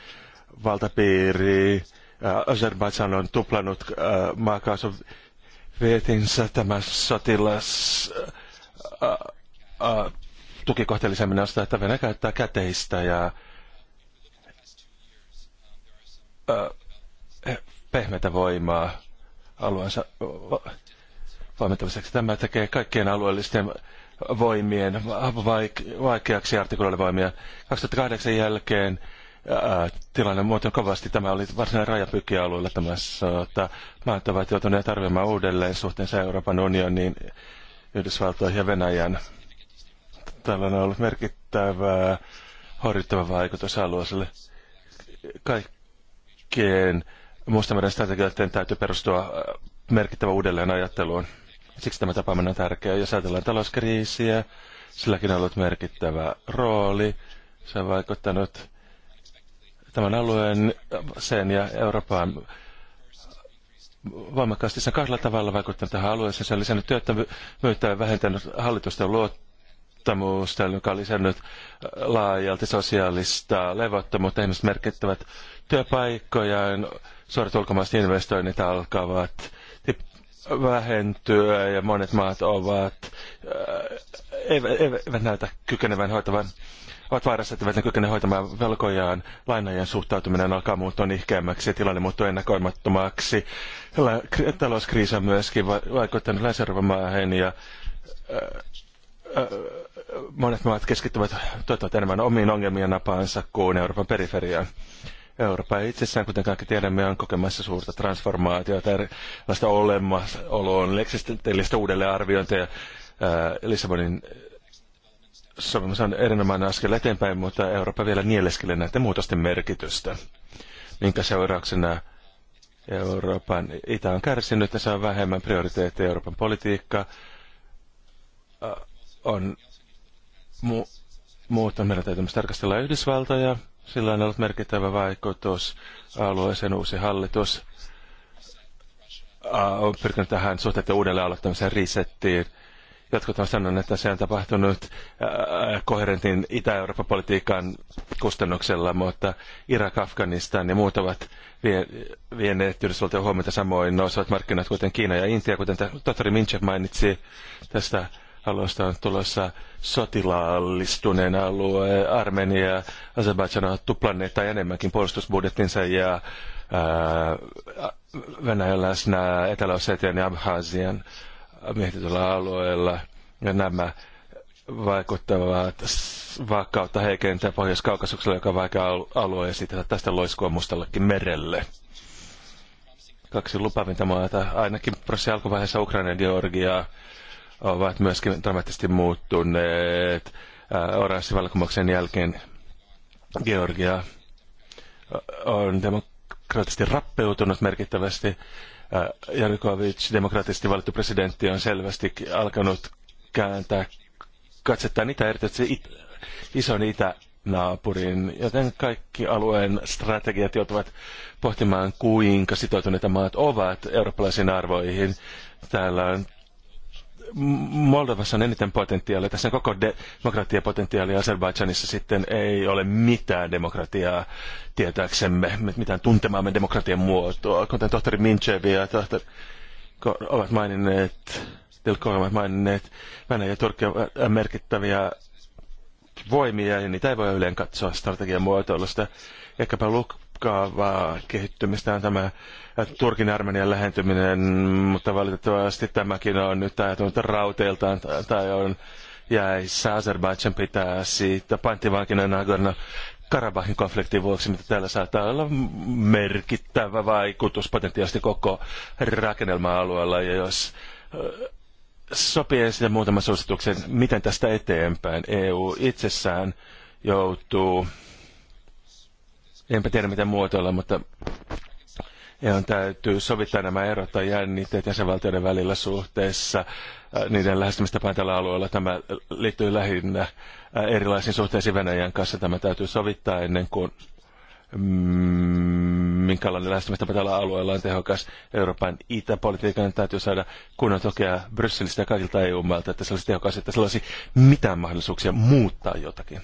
valtapiiriin. Äh, Azerbaidžan on tuplannut äh, maakaasun vietinsä tämä sotilas tukikohteellisemmin on sitä, että Venäjä käyttää käteistä ja Eh, pehmeitä voimaa alueensa voimittamiseksi. Tämä tekee kaikkien alueellisten voimien vaikeaksi artikuloille voimia. 2008 jälkeen ää, tilanne muuttui kovasti. Tämä oli varsinainen alueella tämä sota. Maat ovat joutuneet arvioimaan uudelleen suhteensa Euroopan unioniin, Yhdysvaltoihin ja Venäjän. Tällä on ollut merkittävä horjuttava vaikutus alueelle. Kaikki kaikkien Mustameren strategioiden täytyy perustua äh, merkittävä uudelleen ajatteluun. Siksi tämä tapaaminen on tärkeä. Jos ajatellaan talouskriisiä, silläkin on ollut merkittävä rooli. Se on vaikuttanut tämän alueen, sen ja Euroopan voimakkaasti sen kahdella tavalla vaikuttanut tähän alueeseen. Se on lisännyt työttömyyttä ja vähentänyt hallitusten luottamusta, joka on lisännyt laajalti sosiaalista levottomuutta. Ihmiset merkittävät työpaikkojaan suorat ulkomaiset investoinnit alkavat vähentyä ja monet maat ovat, äh, eivät, eivät näytä kykenevän hoitavan, ovat vaarassa, että eivät ne kykene hoitamaan velkojaan. Lainojen suhtautuminen alkaa muuttua nihkeämmäksi ja tilanne muuttuu ennakoimattomaksi. Talouskriisi on myöskin vaikuttanut länsi ja äh, äh, monet maat keskittyvät toivottavasti enemmän omiin ongelmien napaansa kuin Euroopan periferiaan. Eurooppa ei itsessään, kuten kaikki tiedämme, on kokemassa suurta transformaatiota, erilaista olemassaoloon, eksistentiaalista uudelleenarviointia. Lissabonin sopimus on erinomainen askel eteenpäin, mutta Eurooppa vielä nieleskelee näiden muutosten merkitystä, minkä seurauksena Euroopan itä on kärsinyt ja saa vähemmän prioriteetteja Euroopan politiikka on mu- muuttunut. Meidän täytyy myös tarkastella Yhdysvaltoja, sillä on ollut merkittävä vaikutus alueeseen uusi hallitus. On pyrkinyt tähän suhteiden uudelleen aloittamiseen resettiin. Jotkut ovat sanoneet, että se on tapahtunut koherentin Itä-Euroopan politiikan kustannuksella, mutta Irak, Afganistan ja muut ovat vieneet Yhdysvaltojen huomiota samoin nousevat markkinat, kuten Kiina ja Intia, kuten Tatari Minchev mainitsi tästä alueesta on tulossa sotilaallistuneen alue. Armenia, Azerbaijan on tuplanneet tai enemmänkin puolustusbudjettinsa ja ää, Venäjän läsnä etelä ja Abhazian mietityllä alueella. Ja nämä vaikuttavat vakautta heikentää Pohjois-Kaukasuksella, joka on vaikea alue, ja siitä tästä loiskua mustallekin merelle. Kaksi lupavinta maata, ainakin prosessin alkuvaiheessa Ukraina ja Georgiaa ovat myöskin dramaattisesti muuttuneet äh, oranssivallankumouksen jälkeen. Georgia on demokraattisesti rappeutunut merkittävästi. Äh, Janukovic, demokraattisesti valittu presidentti, on selvästi alkanut kääntää katsettaa niitä erityisesti it, ison naapurin, joten kaikki alueen strategiat joutuvat pohtimaan, kuinka sitoutuneita maat ovat eurooppalaisiin arvoihin. Täällä on Moldovassa on eniten potentiaalia. Tässä on koko de- demokratiapotentiaalia. Azerbaidžanissa sitten ei ole mitään demokratiaa tietääksemme, mitään tuntemaamme demokratian muotoa. Kuten tohtori Minchevi ja tohtori ovat maininneet, Tilko ovat maininneet, Venäjä ja Turkki ovat merkittäviä voimia ja niitä ei voi yleen katsoa strategian muotoilusta. Ehkäpä luk- uhkaavaa kehittymistä on tämä Turkin armenian lähentyminen, mutta valitettavasti tämäkin on nyt ajatunut rauteiltaan tai on jäissä. Azerbaidžan pitää siitä panttivankina Nagorno Karabahin konfliktin vuoksi, mitä täällä saattaa olla merkittävä vaikutus potentiaalisesti koko rakennelma-alueella. Ja jos sopii esille muutaman suosituksen, miten tästä eteenpäin EU itsessään joutuu enpä tiedä miten muotoilla, mutta EUn täytyy sovittaa nämä erot tai jännitteet jäsenvaltioiden välillä suhteessa äh, niiden lähestymistapaan tällä alueella. Tämä liittyy lähinnä äh, erilaisiin suhteisiin Venäjän kanssa. Tämä täytyy sovittaa ennen kuin mm, minkälainen lähestymistapa tällä alueella on tehokas. Euroopan itäpolitiikan täytyy saada kunnon tukea Brysselistä ja kaikilta EU-mailta, että se olisi tehokas, että se olisi mitään mahdollisuuksia muuttaa jotakin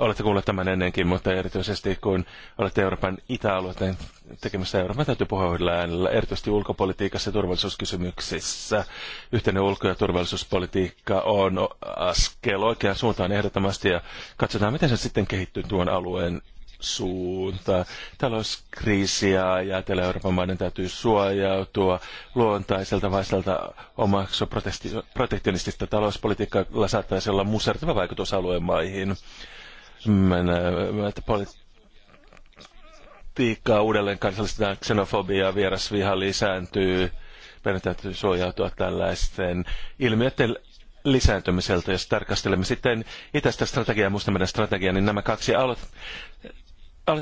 olette kuulleet tämän ennenkin, mutta erityisesti kun olette Euroopan itäalueen tekemässä Euroopan täytyy puhua äänellä, erityisesti ulkopolitiikassa ja turvallisuuskysymyksissä. Yhteinen ulko- ja turvallisuuspolitiikka on askel oikeaan suuntaan ehdottomasti ja katsotaan, miten se sitten kehittyy tuon alueen suunta. Talouskriisiä ja Euroopan maiden täytyy suojautua luontaiselta vaiselta omaksua protektionistista talouspolitiikkaa saattaisi olla musertava vaikutus alueen maihin että politiikkaa uudelleen kansallistetaan, xenofobia ja vierasviha lisääntyy. Meidän täytyy suojautua tällaisten ilmiöiden lisääntymiseltä, jos tarkastelemme sitten itästä strategiaa ja musta meidän strategiaa, niin nämä kaksi alot,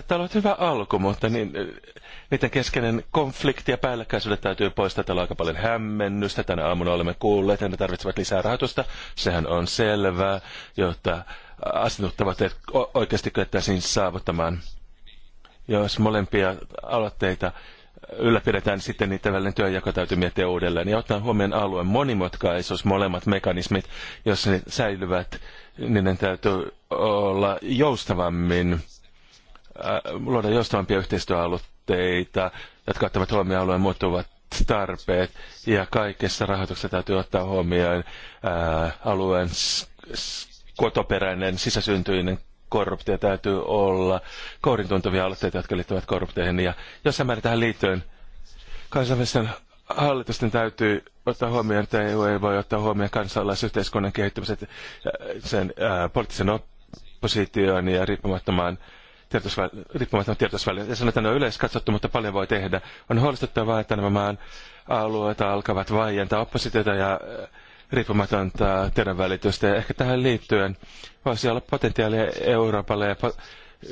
Tämä on hyvä alku, mutta niin, niiden keskeinen konflikti ja päällekkäisyydet täytyy poistaa. Täällä on aika paljon hämmennystä. Tänä aamuna olemme kuulleet, että ne tarvitsevat lisää rahoitusta. Sehän on selvää, jotta asennuttavat, että oikeasti kyettäisiin saavuttamaan. Jos molempia aloitteita ylläpidetään, niin sitten niitä välinen työnjako täytyy miettiä uudelleen. Ja ottaen huomioon alueen monimutkaisuus, molemmat mekanismit, jos ne säilyvät, niin ne täytyy olla joustavammin, äh, luoda joustavampia yhteistyöaloitteita, jotka ottavat huomioon alueen muuttuvat tarpeet. Ja kaikessa rahoituksessa täytyy ottaa huomioon ää, äh, alueen kotoperäinen, sisäsyntyinen korruptio täytyy olla kohdintuntuvia aloitteita, jotka liittyvät korruptioihin. Ja jossain määrin tähän liittyen kansainvälisten hallitusten täytyy ottaa huomioon, että EU ei voi ottaa huomioon kansalaisyhteiskunnan kehittymiset äh, sen ää, äh, poliittisen oppositioon ja riippumattomaan tiedotusväl- riippumattoman tiedotusvälineen. Sanotaan, että ne on katsottu, mutta paljon voi tehdä. On huolestuttavaa, että nämä maan alueet alkavat vaientaa oppositiota ja äh, riippumatonta tiedonvälitystä. Ja ehkä tähän liittyen voisi olla potentiaalia Euroopalle ja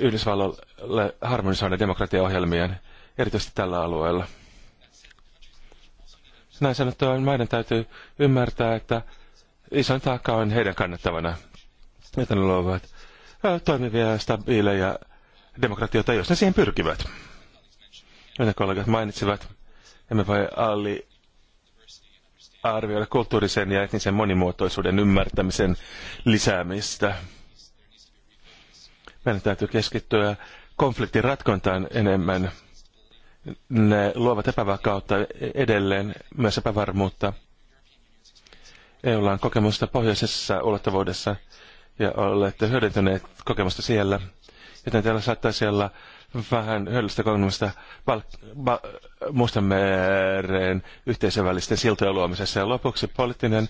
Yhdysvalloille harmonisoida demokratiaohjelmien, erityisesti tällä alueella. Näin sanottua maiden täytyy ymmärtää, että isoin taakka on heidän kannattavana, että ne luovat toimivia, stabiileja demokratioita, jos ne siihen pyrkivät. ne kollegat mainitsivat, emme voi alli arvioida kulttuurisen ja etnisen monimuotoisuuden ymmärtämisen lisäämistä. Meidän täytyy keskittyä konfliktin ratkontaan enemmän. Ne luovat epävakautta edelleen, myös epävarmuutta. EUlla on kokemusta pohjoisessa ulottuvuudessa ja olette hyödyntäneet kokemusta siellä, joten teillä saattaisi olla vähän höllistä kokemusta Mustanmeren eh, yhteisön välisten siltojen luomisessa. Ja lopuksi poliittinen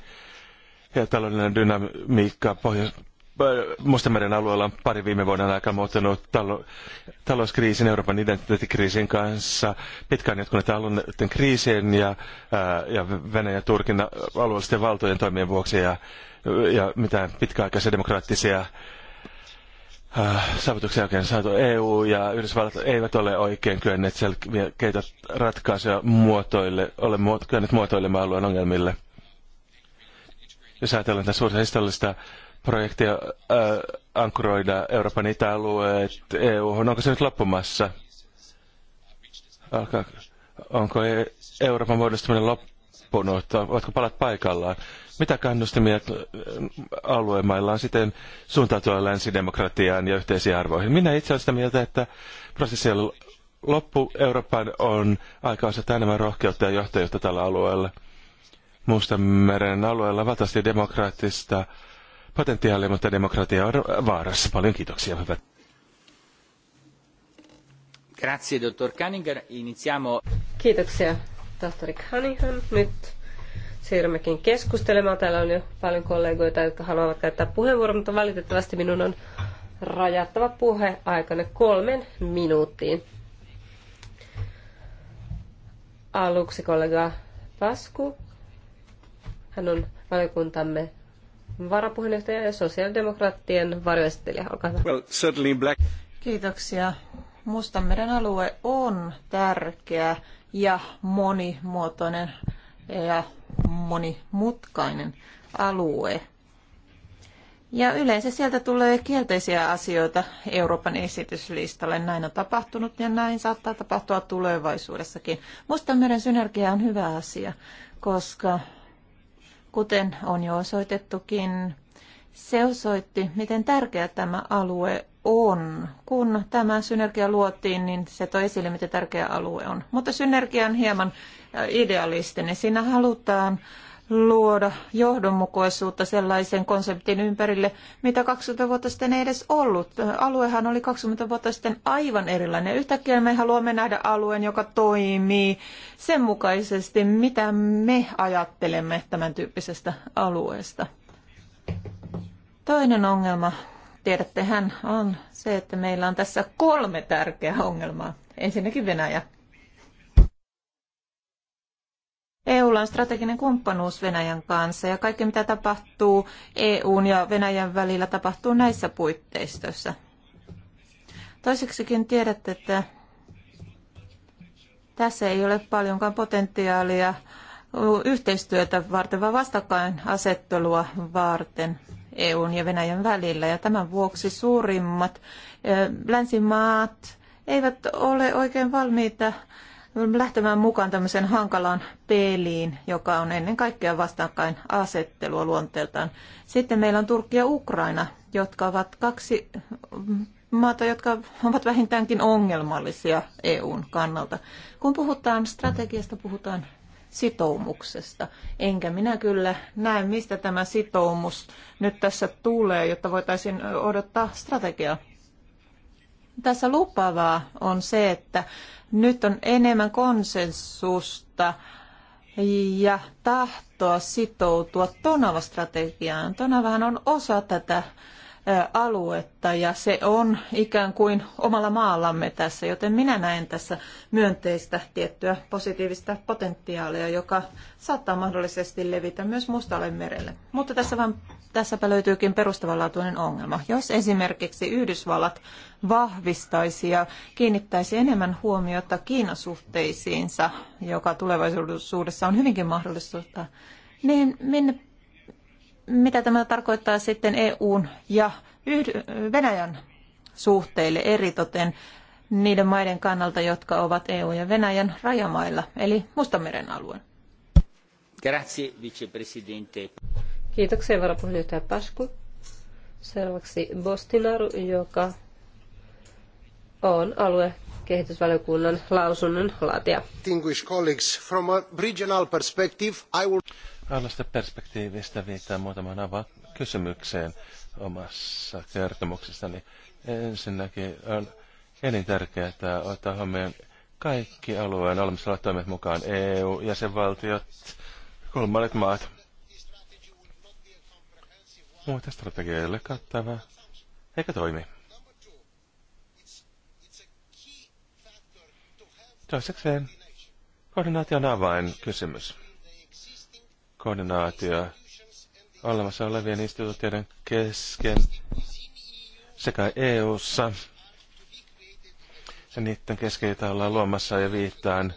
ja taloudellinen dynamiikka Pohjois- eh, Mustanmeren alueella on pari viime vuoden aikana muuttunut talo- talouskriisin, Euroopan identiteettikriisin kanssa, pitkään jatkuneiden alueiden kriisien ja, eh, ja Venäjän ja Turkin alueellisten valtojen toimien vuoksi ja, ja mitään pitkäaikaisia demokraattisia äh, saavutuksia oikein saatu. EU ja Yhdysvallat eivät ole oikein kyenneet selkeitä ratkaisuja muotoille, ole muot, kyenneet muotoilemaan alueen ongelmille. Jos ajatellaan tätä suurta historiallista projektia äh, ankkuroida Euroopan itäalueet EU, onko se nyt loppumassa? Alkaa, onko e- Euroopan muodostuminen loppumassa? että ovatko palat paikallaan? Mitä kannustimia äh, alueemailla on siten suuntautua länsidemokratiaan ja yhteisiin arvoihin? Minä itse olen sitä mieltä, että prosessi on loppu. Euroopan on aika osata enemmän rohkeutta ja johtajuutta tällä alueella. Mustanmeren alueella on valtavasti demokraattista potentiaalia, mutta demokratia on vaarassa. Paljon kiitoksia, hyvät. Grazie, dottor Kanninger. Iniziamo. Kiitoksia, tohtori Cunningham. Nyt siirrymmekin keskustelemaan. Täällä on jo paljon kollegoita, jotka haluavat käyttää puheenvuoron, mutta valitettavasti minun on rajattava puhe aikana kolmen minuuttiin. Aluksi kollega Pasku. Hän on valiokuntamme varapuheenjohtaja ja sosiaalidemokraattien varjoesittelijä. Olkaa hyvä. Well, certainly black. Kiitoksia. Mustanmeren alue on tärkeä ja monimuotoinen ja monimutkainen alue. Ja yleensä sieltä tulee kielteisiä asioita Euroopan esityslistalle. Näin on tapahtunut ja näin saattaa tapahtua tulevaisuudessakin. Mustanmeren synergia on hyvä asia, koska kuten on jo osoitettukin, se osoitti, miten tärkeä tämä alue on. Kun tämä synergia luotiin, niin se toi esille, miten tärkeä alue on. Mutta synergia on hieman äh, idealistinen. Siinä halutaan luoda johdonmukaisuutta sellaisen konseptin ympärille, mitä 20 vuotta sitten ei edes ollut. Aluehan oli 20 vuotta sitten aivan erilainen. Yhtäkkiä me haluamme nähdä alueen, joka toimii sen mukaisesti, mitä me ajattelemme tämän tyyppisestä alueesta. Toinen ongelma tiedättehän, on se, että meillä on tässä kolme tärkeää ongelmaa. Ensinnäkin Venäjä. EUlla on strateginen kumppanuus Venäjän kanssa ja kaikki mitä tapahtuu EUn ja Venäjän välillä tapahtuu näissä puitteistoissa. Toiseksikin tiedätte, että tässä ei ole paljonkaan potentiaalia yhteistyötä varten, vaan vastakkainasettelua varten. EUn ja Venäjän välillä. Ja tämän vuoksi suurimmat länsimaat eivät ole oikein valmiita lähtemään mukaan tämmöiseen hankalaan peliin, joka on ennen kaikkea vastakkain asettelua luonteeltaan. Sitten meillä on Turkki ja Ukraina, jotka ovat kaksi maata, jotka ovat vähintäänkin ongelmallisia EUn kannalta. Kun puhutaan strategiasta, puhutaan sitoumuksesta. Enkä minä kyllä näe, mistä tämä sitoumus nyt tässä tulee, jotta voitaisiin odottaa strategiaa. Tässä lupavaa on se, että nyt on enemmän konsensusta ja tahtoa sitoutua Tonava-strategiaan. Tonavahan on osa tätä aluetta ja se on ikään kuin omalla maallamme tässä, joten minä näen tässä myönteistä tiettyä positiivista potentiaalia, joka saattaa mahdollisesti levitä myös Mustalle merelle. Mutta tässä vaan, tässäpä löytyykin perustavanlaatuinen ongelma. Jos esimerkiksi Yhdysvallat vahvistaisi ja kiinnittäisi enemmän huomiota Kiinan suhteisiinsa, joka tulevaisuudessa on hyvinkin mahdollista, niin minne mitä tämä tarkoittaa sitten EUn ja Venäjän suhteille eritoten niiden maiden kannalta, jotka ovat EU- ja Venäjän rajamailla, eli Mustameren alueen. Grazie, vicepresidente. Kiitoksia, varapuheenjohtaja Pasku. Seuraavaksi Bostilaru, joka on alue kehitysvaliokunnan lausunnon laatia. From a regional perspective, I will... Alusta perspektiivistä viittaa muutamaan avaa kysymykseen omassa kertomuksessani. Ensinnäkin on elintärkeää ottaa huomioon kaikki alueen olemassa olevat toimet mukaan, EU, jäsenvaltiot, kolmannet maat. Muuta strategia ei ole kattava, eikä toimi. Toisekseen koordinaation avain kysymys Koordinaatio olemassa olevien instituutioiden kesken sekä EU-ssa ja niiden kesken, joita ollaan luomassa ja viittaan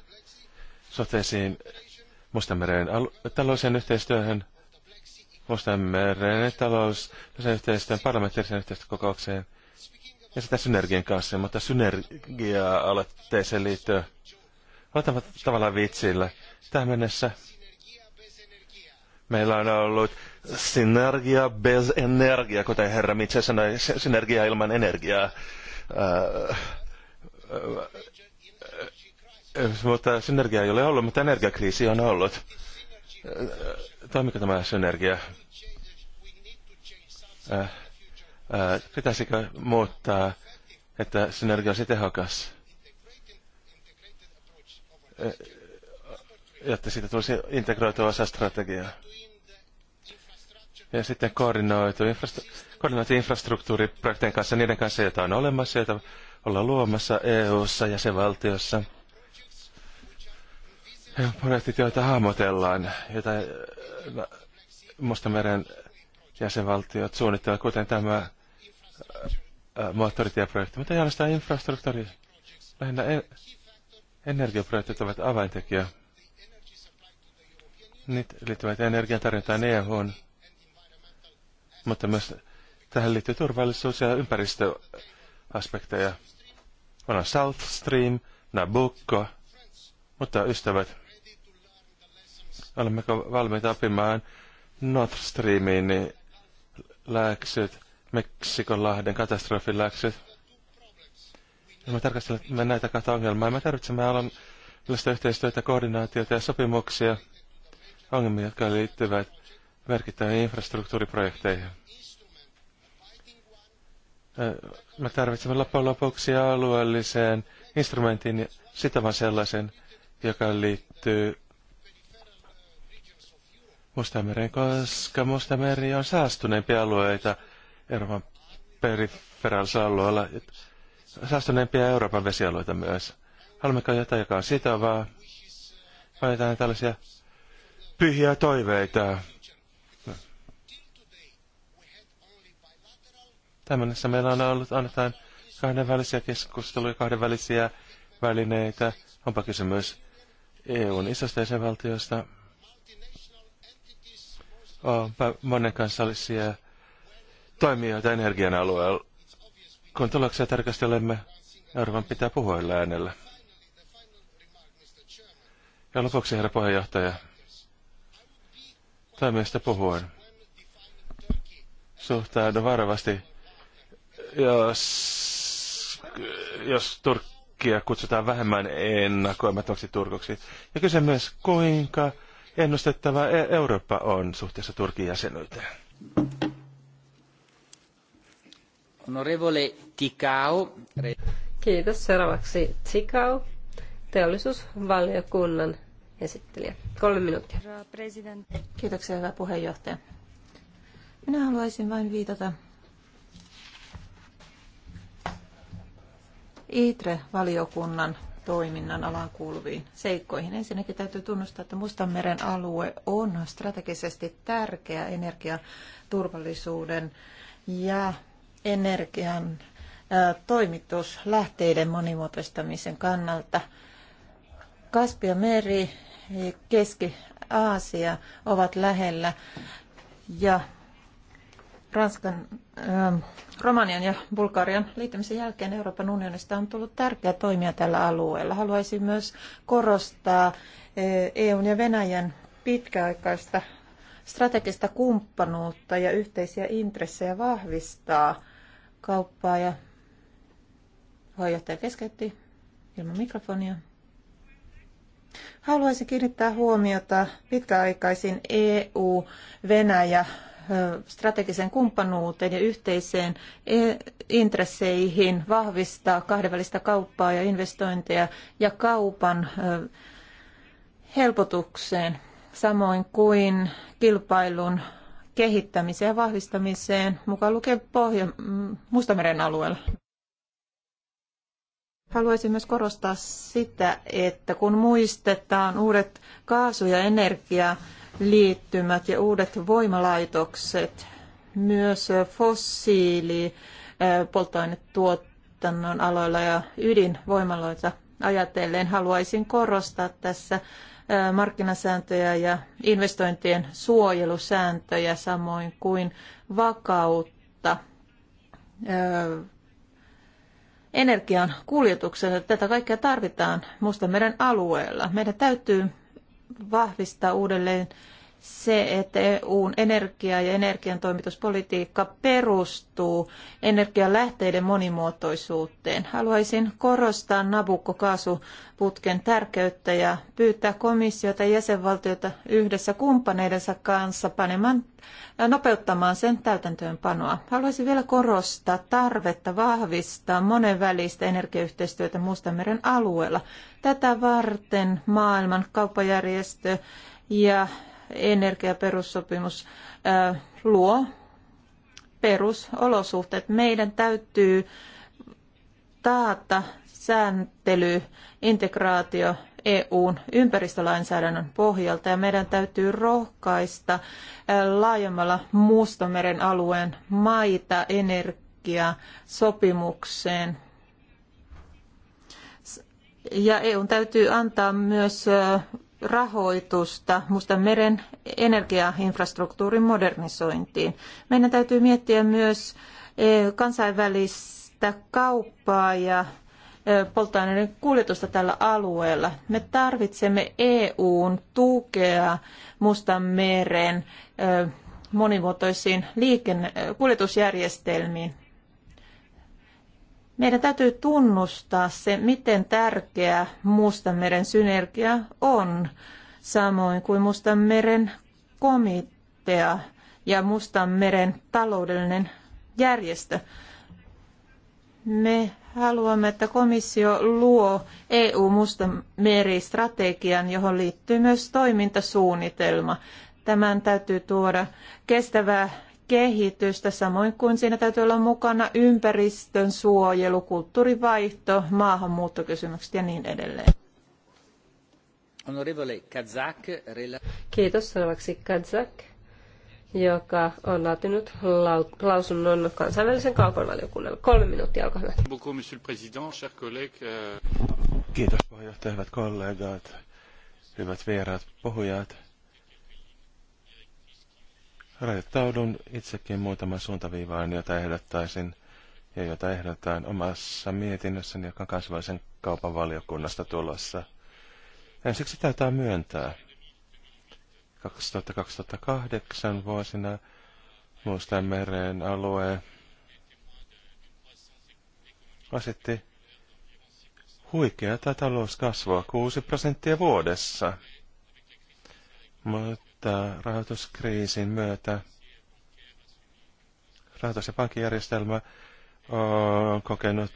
soteisiin Mustanmeren al- taloudelliseen yhteistyöhön, Mustanmeren talous- yhteistyön parlamentaarisen yhteistyökokoukseen – ja sitä synergian kanssa, mutta synergia-aloitteeseen liittyen otamme tavallaan vitsillä. Tähän mennessä meillä on ollut synergia bez energia, kuten herra Mitse sanoi, synergia ilman energiaa. Äh, äh, äh, mutta synergia ei ole ollut, mutta energiakriisi on ollut. Toimiko tämä synergia? Äh, pitäisikö muuttaa, että synergia olisi tehokas? jotta siitä tulisi integroitua osa strategiaa. Ja sitten koordinoitu infrastru- koordinoitu infrastruktuuriprojektien kanssa, niiden kanssa, joita on olemassa, joita ollaan luomassa EU-ssa, valtiossa. Ja projektit, joita hahmotellaan, joita Mustameren jäsenvaltiot suunnittelevat, kuten tämä moottoritieprojekti, mutta ei ainoastaan infrastruktuuri. Lähinnä e- energiaprojektit ovat avaintekijä. Niitä liittyvät energian tarjontaan EH, mutta myös tähän liittyy turvallisuus- ja ympäristöaspekteja. On South Stream, Nabucco, mutta ystävät, olemmeko valmiita oppimaan North Streamiin niin läksyt? Meksikonlahden katastrofin läksyt. Ja me tarkastelemme näitä kahta ongelmaa. Me tarvitsemme alueellista yhteistyötä, koordinaatiota ja sopimuksia ongelmia, jotka liittyvät merkittäviin infrastruktuuriprojekteihin. Me tarvitsemme loppujen lopuksi alueelliseen instrumentin sitovan sellaisen, joka liittyy Mustameren, koska Mustameri on saastuneempia alueita – Euroopan periferaalisella alueella saastuneempia Euroopan vesialueita myös. Haluammeko jotain, joka on sitovaa? Vai jotain tällaisia pyhiä toiveita? Tämmöisessä meillä on ollut annetaan kahdenvälisiä keskusteluja, kahdenvälisiä välineitä. Onpa kysymys EUn isosta jäsenvaltiosta. Onpa monen kansallisia toimijoita energian alueella. Kun tuloksia tarkastelemme, Euroopan pitää puhua äänellä. Ja lopuksi, herra puheenjohtaja, toimijoista puhuen. Suhtaudun varovasti, jos, jos Turkkia kutsutaan vähemmän ennakoimattomaksi Turkoksi. Ja kyse myös, kuinka ennustettava e- Eurooppa on suhteessa Turkin jäsenyyteen. Onorevole Tikau. Kiitos. Seuraavaksi Tikau, teollisuusvaliokunnan esittelijä. Kolme minuuttia. Kiitoksia, hyvä puheenjohtaja. Minä haluaisin vain viitata ITRE-valiokunnan toiminnan alaan kuuluviin seikkoihin. Ensinnäkin täytyy tunnustaa, että Mustanmeren alue on strategisesti tärkeä energiaturvallisuuden ja energian toimituslähteiden monimuotoistamisen kannalta. Kaspia meri, e, Keski-Aasia ovat lähellä ja Ranskan, äh, Romanian ja Bulgarian liittymisen jälkeen Euroopan unionista on tullut tärkeä toimija tällä alueella. Haluaisin myös korostaa EUn ja Venäjän pitkäaikaista strategista kumppanuutta ja yhteisiä intressejä vahvistaa kauppaa ja puheenjohtaja keskeytti ilman mikrofonia. Haluaisin kiinnittää huomiota pitkäaikaisin EU-Venäjä strategiseen kumppanuuteen ja yhteiseen e- intresseihin vahvistaa kahdenvälistä kauppaa ja investointeja ja kaupan helpotukseen, samoin kuin kilpailun kehittämiseen ja vahvistamiseen, mukaan lukee Pohja- mm, Mustameren alueella. Haluaisin myös korostaa sitä, että kun muistetaan uudet kaasu- ja energialiittymät ja uudet voimalaitokset, myös fossiili polttoainetuotannon aloilla ja ydinvoimaloita ajatellen, haluaisin korostaa tässä markkinasääntöjä ja investointien suojelusääntöjä, samoin kuin vakautta energian kuljetukselle. Tätä kaikkea tarvitaan Mustanmeren alueella. Meidän täytyy vahvistaa uudelleen se, että EUn energia- ja energiantoimituspolitiikka perustuu energialähteiden monimuotoisuuteen. Haluaisin korostaa Nabukko-kaasuputken tärkeyttä ja pyytää komissiota ja jäsenvaltioita yhdessä kumppaneidensa kanssa panemaan, äh, nopeuttamaan sen täytäntöönpanoa. Haluaisin vielä korostaa tarvetta vahvistaa monenvälistä energiayhteistyötä Mustanmeren alueella. Tätä varten maailman kauppajärjestö ja energiaperussopimus luo perusolosuhteet. Meidän täytyy taata sääntely, integraatio EUn ympäristölainsäädännön pohjalta ja meidän täytyy rohkaista laajemmalla Mustameren alueen maita energiasopimukseen. Ja EUn täytyy antaa myös rahoitusta Mustan meren energiainfrastruktuurin modernisointiin. Meidän täytyy miettiä myös e, kansainvälistä kauppaa ja e, polttoaineiden kuljetusta tällä alueella. Me tarvitsemme EUn tukea Mustan meren e, monimuotoisiin liikenne- kuljetusjärjestelmiin meidän täytyy tunnustaa se, miten tärkeä Mustanmeren synergia on, samoin kuin Mustanmeren komitea ja Mustanmeren taloudellinen järjestö. Me haluamme, että komissio luo EU-Mustanmeri-strategian, johon liittyy myös toimintasuunnitelma. Tämän täytyy tuoda kestävää kehitystä, samoin kuin siinä täytyy olla mukana ympäristön suojelu, kulttuurivaihto, maahanmuuttokysymykset ja niin edelleen. Kiitos seuraavaksi Kazak, joka on laatinut lausunnon kansainvälisen kaupan valiokunnalle. Kolme minuuttia, olkaa hyvä. Euh, Kiitos puheenjohtaja, hyvät kollegat, hyvät vieraat, puhujat. Rajoittaudun itsekin muutaman suuntaviivaan, jota ehdottaisin ja jota ehdotetaan omassa mietinnössäni, joka on kansainvälisen kaupan valiokunnasta tulossa. Ensiksi täytyy myöntää. 2000-2008 vuosina Mustan meren alue asetti huikeata talouskasvua 6 prosenttia vuodessa. Mutta että rahoituskriisin myötä rahoitus- ja pankkijärjestelmä on kokenut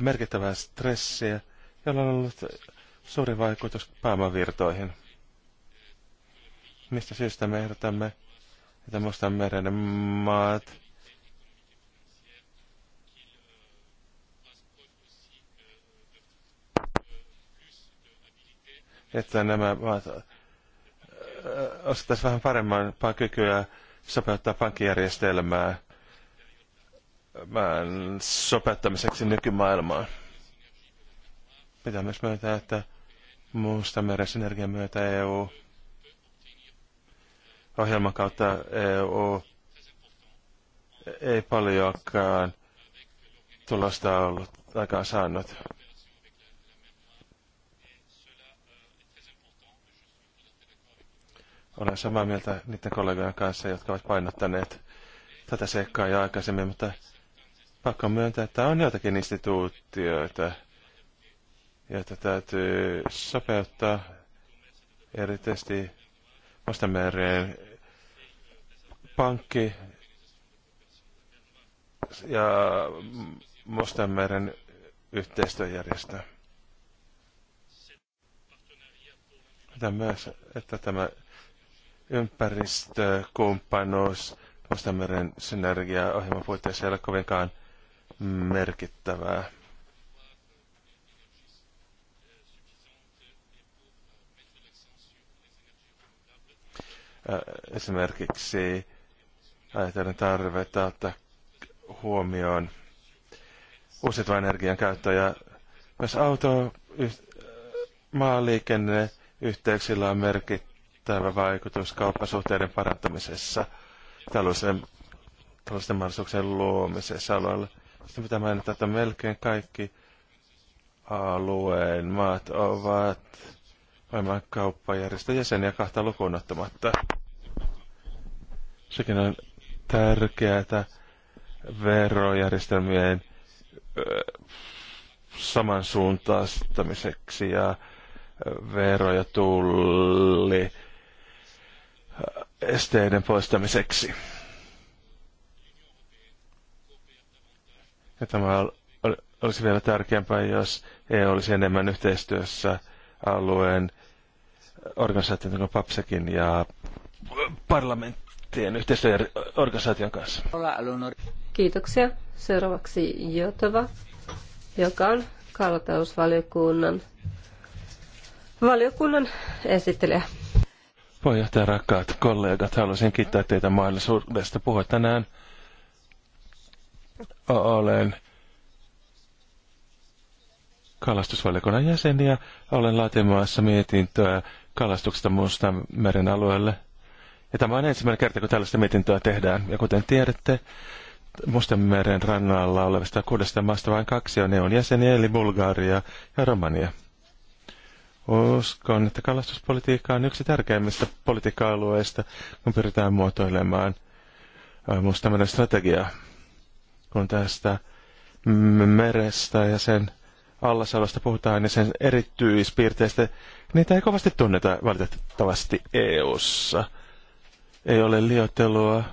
merkittävää stressiä, jolla on ollut suuri vaikutus pääomavirtoihin. Mistä syystä me ehdotamme, että Mustan meren maat että nämä maat osattaisiin vähän paremman kykyä sopeuttaa pankkijärjestelmää sopeuttamiseksi nykymaailmaan. Pitää myös myöntää, että muusta meresenergian myötä EU ohjelman kautta EU ei paljonkaan tulosta ollut aikaan saanut. Olen samaa mieltä niiden kollegojen kanssa, jotka ovat painottaneet tätä seikkaa jo aikaisemmin, mutta pakko myöntää, että on joitakin instituutioita, joita täytyy sopeuttaa erityisesti Mustamereen pankki ja Mustanmeren yhteistyöjärjestö. Tämä, myös, että tämä ympäristökumppanuus Mustanmeren synergiaohjelman puitteissa ei ole kovinkaan merkittävää. Esimerkiksi ajatellen tarvetta ottaa huomioon uusiutuvan energian käyttö ja myös auto, maaliikenneyhteyksillä on merkittävä merkittävä vaikutus kauppasuhteiden parantamisessa, taloudellisen, taloudellisten mahdollisuuksien luomisessa alueella. Sitten pitää mainita, että melkein kaikki alueen maat ovat maailman kauppajärjestön jäseniä kahta lukuun ottamatta. Sekin on tärkeää että verojärjestelmien samansuuntaistamiseksi ja vero ja tulli esteiden poistamiseksi. Ja tämä olisi vielä tärkeämpää, jos EU olisi enemmän yhteistyössä alueen organisaation kuin PAPSEKin ja parlamenttien yhteistyöorganisaation kanssa. Kiitoksia. Seuraavaksi Jotova, joka on kaltausvaliokunnan valiokunnan esittelijä. Puheenjohtaja, rakkaat kollegat, haluaisin kiittää teitä mahdollisuudesta puhua tänään. Olen kalastusvaliokunnan jäsen ja olen laatimassa mietintöä kalastuksesta Mustan meren alueelle. Ja tämä on ensimmäinen kerta, kun tällaista mietintöä tehdään. Ja kuten tiedätte, Mustanmeren rannalla olevista kuudesta maasta vain kaksi on EUn jäseniä, eli Bulgaria ja Romania. Uskon, että kalastuspolitiikka on yksi tärkeimmistä politiikka-alueista, kun pyritään muotoilemaan myös tämmöinen strategia, kun tästä merestä ja sen allasalosta puhutaan ja sen erityispiirteistä, niitä ei kovasti tunneta valitettavasti EU:ssa. Ei ole liioittelua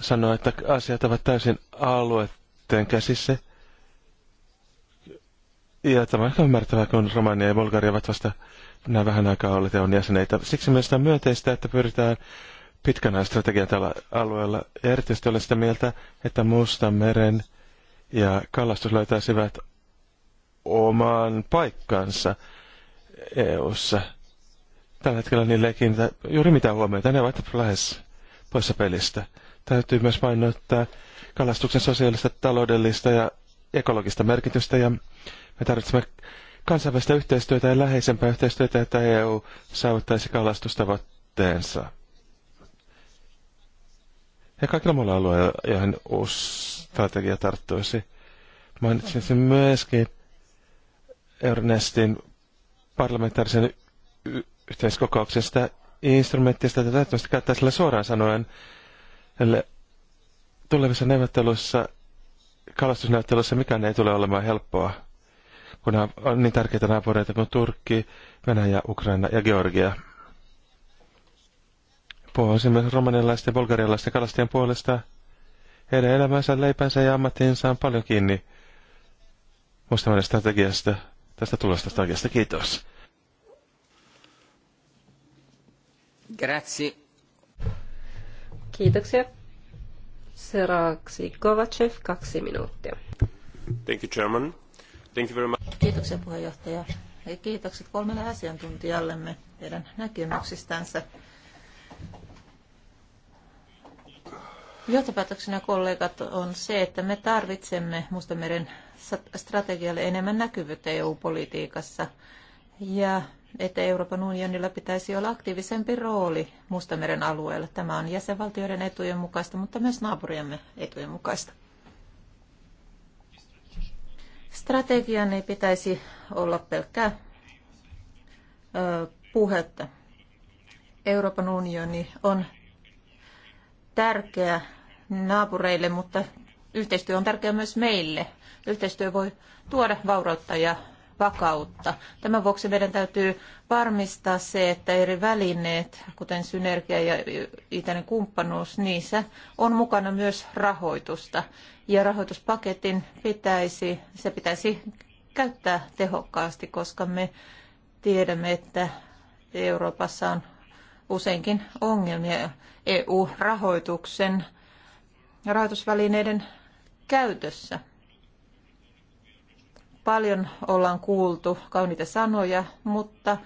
sanoa, että asiat ovat täysin alueiden käsissä – ja tämä on ehkä ymmärrettävää, kun Romania ja Bulgaria ovat vasta nämä vähän aikaa olleet on jäseneitä. Siksi myös on myönteistä, että pyritään pitkän strategian tällä alueella. Ja erityisesti olen sitä mieltä, että muusta meren ja kalastus löytäisivät oman paikkansa EU-ssa. Tällä hetkellä niille ei kiinnitä juuri mitään huomiota. Ne ovat lähes poissa pelistä. Täytyy myös painottaa kalastuksen sosiaalista, taloudellista ja ekologista merkitystä ja me tarvitsemme kansainvälistä yhteistyötä ja läheisempää yhteistyötä, että EU saavuttaisi kalastustavoitteensa. Ja kaikilla muilla alueilla, joihin uusi strategia tarttuisi. Mainitsin myöskin Euronestin parlamentaarisen yhteiskokouksen sitä instrumenttista, että täytyy käyttää sillä suoraan sanoen. Eli tulevissa neuvotteluissa, kalastusneuvotteluissa mikään ei tule olemaan helppoa kun on niin tärkeitä naapureita kuin Turkki, Venäjä, Ukraina ja Georgia. Puhuisin myös romanialaisten ja bulgarialaisten kalastajien puolesta. Heidän elämänsä, leipänsä ja ammattinsa on paljon kiinni muistamani strategiasta, tästä tulosta strategiasta. Kiitos. Grazie. Kiitoksia. Seuraavaksi Kovacev, kaksi minuuttia. Thank you, Chairman. Thank you very much. Kiitoksia puheenjohtaja. Ja kiitokset kolmelle asiantuntijallemme teidän näkemyksistänsä. Johtopäätöksenä kollegat on se, että me tarvitsemme Mustameren strategialle enemmän näkyvyyttä EU-politiikassa ja että Euroopan unionilla pitäisi olla aktiivisempi rooli Mustameren alueella. Tämä on jäsenvaltioiden etujen mukaista, mutta myös naapuriemme etujen mukaista. Strategian ei pitäisi olla pelkkää puhetta. Euroopan unioni on tärkeä naapureille, mutta yhteistyö on tärkeä myös meille. Yhteistyö voi tuoda vaurautta ja vakautta. Tämän vuoksi meidän täytyy varmistaa se, että eri välineet, kuten synergia ja itäinen kumppanuus, niissä on mukana myös rahoitusta. Ja rahoituspaketin pitäisi, se pitäisi käyttää tehokkaasti, koska me tiedämme, että Euroopassa on useinkin ongelmia EU-rahoituksen rahoitusvälineiden käytössä paljon ollaan kuultu kauniita sanoja, mutta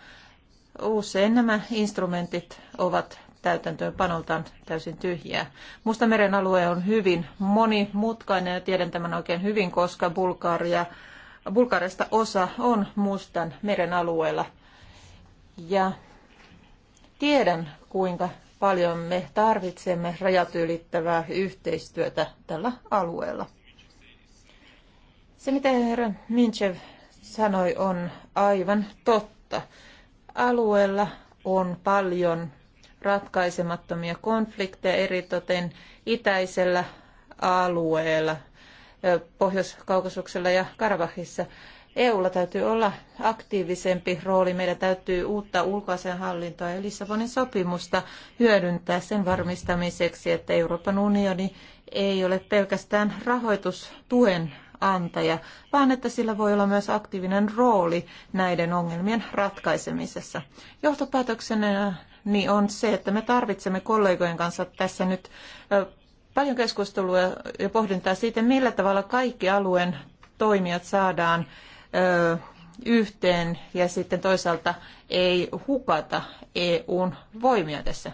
usein nämä instrumentit ovat täytäntöönpanoltaan täysin tyhjiä. Mustameren alue on hyvin monimutkainen ja tiedän tämän oikein hyvin, koska Bulgaria, Bulgariasta osa on Mustan meren alueella. Ja tiedän, kuinka paljon me tarvitsemme rajat ylittävää yhteistyötä tällä alueella. Se, mitä herra Minchev sanoi, on aivan totta. Alueella on paljon ratkaisemattomia konflikteja, eritoten itäisellä alueella, Pohjois-Kaukasuksella ja Karabahissa. EUlla täytyy olla aktiivisempi rooli. Meidän täytyy uutta hallintoa ja Lissabonin sopimusta hyödyntää sen varmistamiseksi, että Euroopan unioni ei ole pelkästään rahoitustuen ääntäjä, vaan että sillä voi olla myös aktiivinen rooli näiden ongelmien ratkaisemisessa. Johtopäätöksenä niin on se, että me tarvitsemme kollegojen kanssa tässä nyt paljon keskustelua ja pohdintaa siitä, millä tavalla kaikki alueen toimijat saadaan yhteen ja sitten toisaalta ei hukata EUn voimia tässä.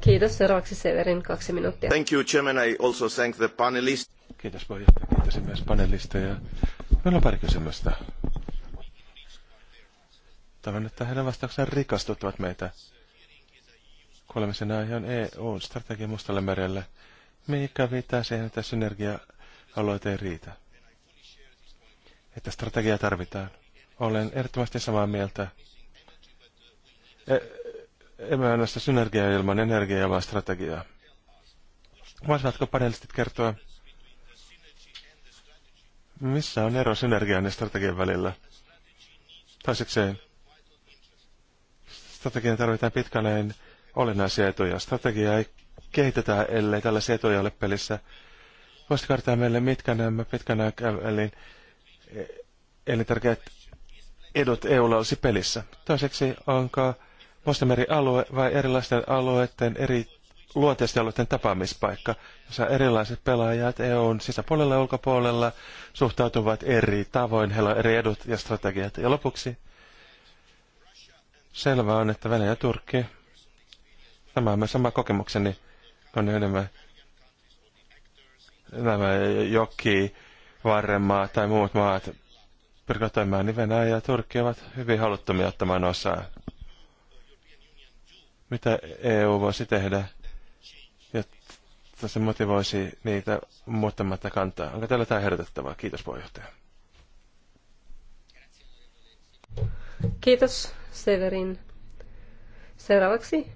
Kiitos. Seuraavaksi Severin kaksi minuuttia. Thank you, Chairman. I also thank the panelist. Kiitos puheenjohtaja. Kiitos myös panelisteja. Meillä on pari kysymystä. Toivon, että heidän vastauksensa rikastuttavat meitä. kolmisen aihe on EUn strategia Mustalle merelle. Mikä viittaa siihen, että synergia-aloite ei riitä? että strategia tarvitaan. Olen ehdottomasti samaa mieltä. E, emme anna sitä synergiaa ilman energiaa ilman strategiaa. Voisivatko panelistit kertoa, missä on ero synergian ja strategian välillä? Toisekseen, strategian tarvitaan pitkänäin olennaisia etuja. Strategiaa ei kehitetä, ellei tällaisia etuja ole pelissä. Voisitko kertoa meille, mitkä nämä pitkän aikavälin elintärkeät edut EUlla olisi pelissä. Toiseksi onko Mustameri alue vai erilaisten alueiden eri luonteisten alueiden tapaamispaikka, jossa erilaiset pelaajat EUn sisäpuolella ja ulkopuolella suhtautuvat eri tavoin, heillä on eri edut ja strategiat. Ja lopuksi selvää on, että Venäjä ja Turkki, tämä on myös sama kokemukseni, on enemmän nämä joki varremaa tai muut maat pyrkivät toimimaan, niin Venäjä ja Turkki ovat hyvin haluttomia ottamaan osaa. Mitä EU voisi tehdä, jotta se motivoisi niitä muuttamatta kantaa? Onko tällä tämä herätettävää? Kiitos puheenjohtaja. Kiitos Severin. Seuraavaksi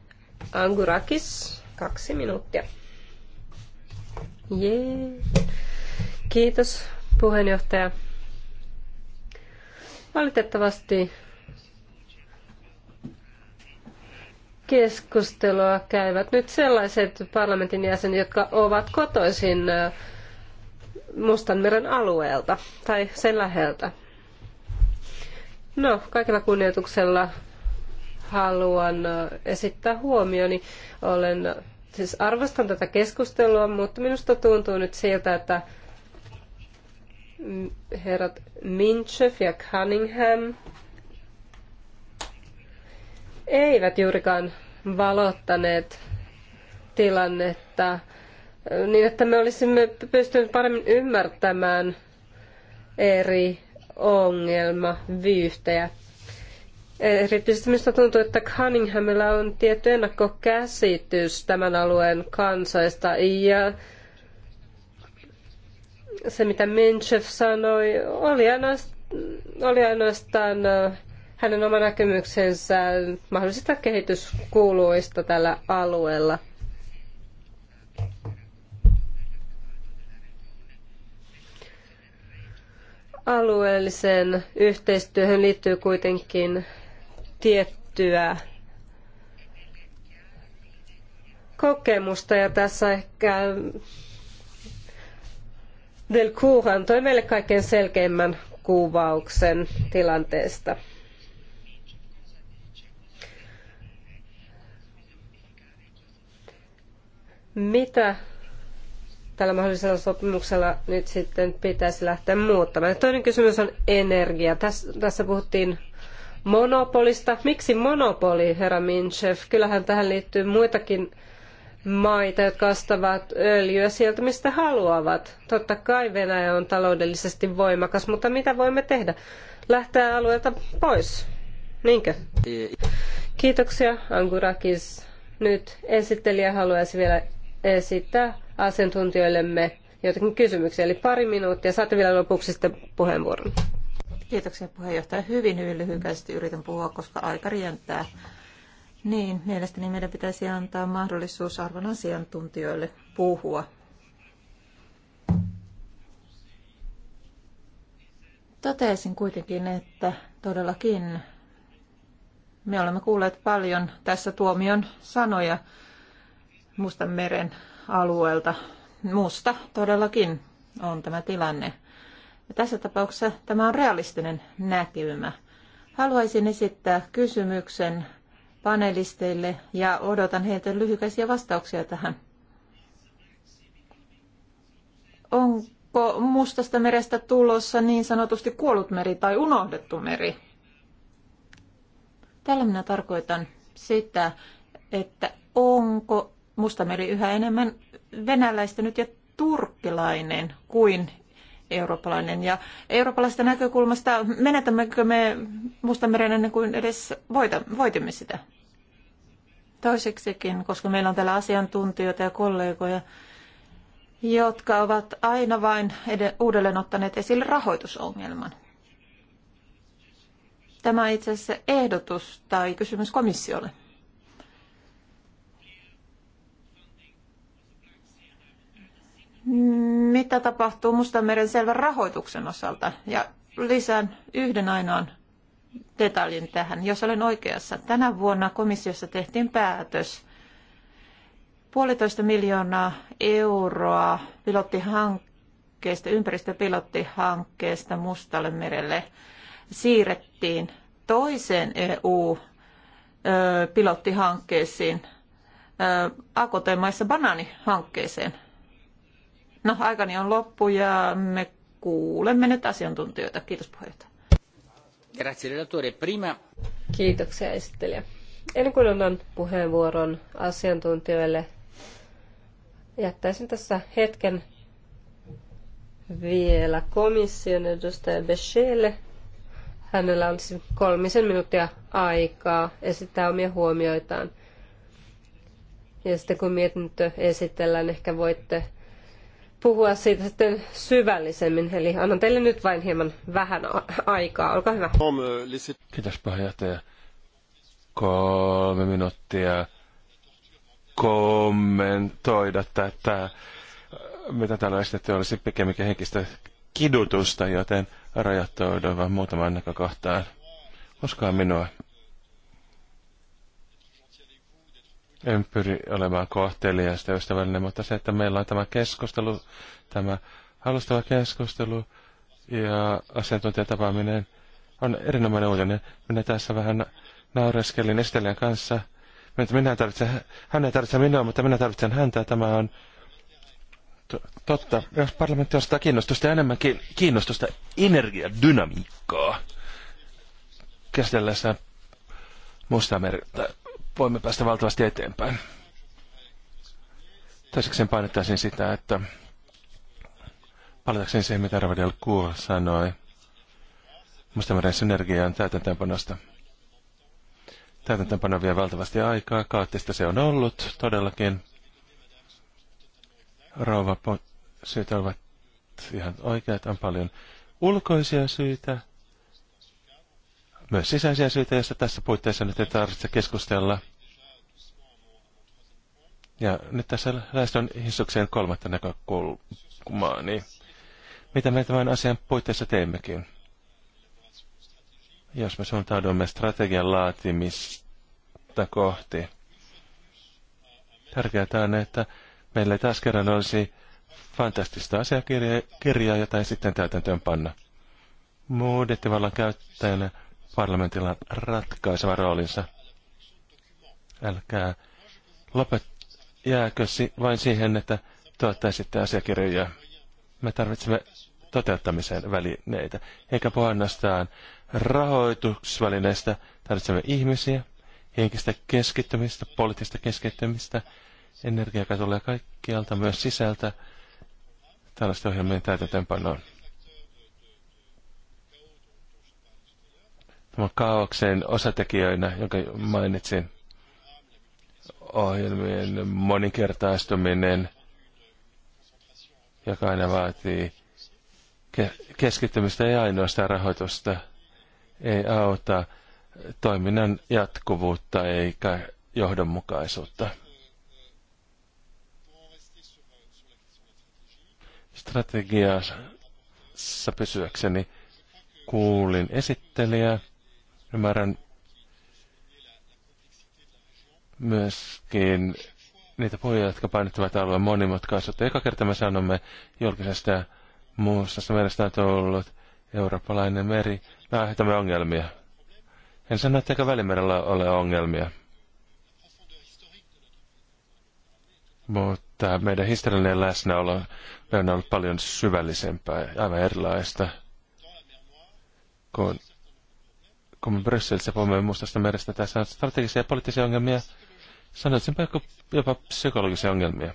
Angurakis, kaksi minuuttia. Jee. Kiitos puheenjohtaja. Valitettavasti keskustelua käyvät nyt sellaiset parlamentin jäsenet, jotka ovat kotoisin Mustanmeren alueelta tai sen läheltä. No, kaikella kunnioituksella haluan esittää huomioni. Olen, siis arvostan tätä keskustelua, mutta minusta tuntuu nyt siltä, että herrat Minchef ja Cunningham eivät juurikaan valottaneet tilannetta niin, että me olisimme pystyneet paremmin ymmärtämään eri ongelmavyyhtejä. Erityisesti minusta tuntuu, että Cunninghamilla on tietty ennakkokäsitys tämän alueen kansoista ja se, mitä Menchev sanoi, oli ainoastaan, oli ainoastaan hänen oma näkemyksensä mahdollisista kehityskuluista tällä alueella. Alueelliseen yhteistyöhön liittyy kuitenkin tiettyä kokemusta ja tässä ehkä Del antoi meille kaikkein selkeimmän kuvauksen tilanteesta. Mitä tällä mahdollisella sopimuksella nyt sitten pitäisi lähteä muuttamaan? Toinen kysymys on energia. Tässä, puhuttiin monopolista. Miksi monopoli, herra Minchev? Kyllähän tähän liittyy muitakin maita, jotka ostavat öljyä sieltä, mistä haluavat. Totta kai Venäjä on taloudellisesti voimakas, mutta mitä voimme tehdä? Lähtää alueelta pois. Niinkö? Kiitoksia, Angurakis. Nyt esittelijä haluaisi vielä esittää asiantuntijoillemme joitakin kysymyksiä, eli pari minuuttia. Saatte vielä lopuksi sitten puheenvuoron. Kiitoksia puheenjohtaja. Hyvin, hyvin lyhykäisesti yritän puhua, koska aika rientää. Niin, mielestäni meidän pitäisi antaa mahdollisuus arvon asiantuntijoille puhua. Toteaisin kuitenkin, että todellakin me olemme kuulleet paljon tässä tuomion sanoja Mustan meren alueelta. Musta todellakin on tämä tilanne. Ja tässä tapauksessa tämä on realistinen näkymä. Haluaisin esittää kysymyksen panelisteille ja odotan heiltä lyhykäisiä vastauksia tähän. Onko Mustasta merestä tulossa niin sanotusti kuollut meri tai unohdettu meri? Tällä minä tarkoitan sitä, että onko Mustameri yhä enemmän venäläistä nyt ja turkkilainen kuin eurooppalainen. Ja eurooppalaisesta näkökulmasta menetämmekö me Mustanmeren ennen kuin edes voita, voitimme sitä? Toiseksikin, koska meillä on täällä asiantuntijoita ja kollegoja, jotka ovat aina vain ed- uudelleen ottaneet esille rahoitusongelman. Tämä itse asiassa ehdotus tai kysymys komissiolle. mitä tapahtuu mustameren selvän rahoituksen osalta. Ja lisään yhden ainoan detaljin tähän, jos olen oikeassa. Tänä vuonna komissiossa tehtiin päätös puolitoista miljoonaa euroa pilottihankkeesta, ympäristöpilottihankkeesta Mustalle merelle siirrettiin toiseen EU-pilottihankkeeseen, AKT-maissa banaanihankkeeseen – No, aikani on loppu ja me kuulemme nyt asiantuntijoita. Kiitos puheenjohtaja. Kiitoksia esittelijä. Ennen kuin annan puheenvuoron asiantuntijoille, jättäisin tässä hetken vielä komission edustaja Bechelle. Hänellä on siis kolmisen minuuttia aikaa esittää omia huomioitaan. Ja sitten kun mietintö esitellään, ehkä voitte puhua siitä sitten syvällisemmin, eli annan teille nyt vain hieman vähän aikaa. Olkaa hyvä. Kiitos puheenjohtaja. Kolme minuuttia kommentoida tätä, mitä täällä on esitetty, olisi pikemminkin henkistä kidutusta, joten rajoittaudun vain muutamaan näkökohtaan. Koskaan minua. En pyri olemaan kohteliasta ystävällinen, mutta se, että meillä on tämä keskustelu, tämä alustava keskustelu ja asiantuntijatapaaminen on erinomainen uutinen. Minä tässä vähän naureskelin esittelijän kanssa. Minä tarvitsen, hän ei tarvitse minua, mutta minä tarvitsen häntä. Tämä on totta. Jos parlamentti ostaa kiinnostusta enemmän kiinnostusta energiadynamiikkaa käsitellessään Musta merta voimme päästä valtavasti eteenpäin. Toisekseen painottaisin sitä, että palatakseni siihen, mitä Ravadel Kuo sanoi synergia on täytäntöönpanosta. Täytäntöönpano vie valtavasti aikaa, kaoottista se on ollut todellakin. Rouva syyt ovat ihan oikeat, on paljon ulkoisia syitä, myös sisäisiä syitä, joista tässä puitteissa nyt ei tarvitse keskustella. Ja nyt tässä lähestyn hissukseen kolmatta näkökulmaa, niin mitä me tämän asian puitteissa teemmekin? Jos me suuntaudumme strategian laatimista kohti. Tärkeää on, että meillä taas kerran olisi fantastista asiakirjaa, jota ei sitten täytäntöön panna. Muudettivallan käyttäjänä parlamentilla on ratkaiseva roolinsa. Älkää lopet, jääkö si- vain siihen, että tuottaisitte asiakirjoja. Me tarvitsemme toteuttamisen välineitä, eikä pohjannastaan rahoituksvälineistä. Tarvitsemme ihmisiä, henkistä keskittymistä, poliittista keskittymistä, energiaa tulee kaikkialta, myös sisältä, tällaisten ohjelmien täytäntöönpanoon. kaaukseen osatekijöinä, jonka mainitsin, ohjelmien moninkertaistuminen, joka aina vaatii ke- keskittymistä ei ainoastaan rahoitusta, ei auta toiminnan jatkuvuutta eikä johdonmukaisuutta. Strategiassa pysyäkseni kuulin esittelijää. Ymmärrän myöskin niitä puhujia, jotka painittavat alueen monimutkaisuutta. Eka kerta me sanomme julkisesta ja muusta merestä on tullut eurooppalainen meri. Me aiheutamme ongelmia. En sano, että eikä välimerellä ole ongelmia. Mutta meidän historiallinen läsnäolo on ollut paljon syvällisempää ja aivan erilaista kuin kun me Brysselissä puhumme mustasta merestä, tässä on strategisia ja poliittisia ongelmia, sanoisinpä jopa psykologisia ongelmia.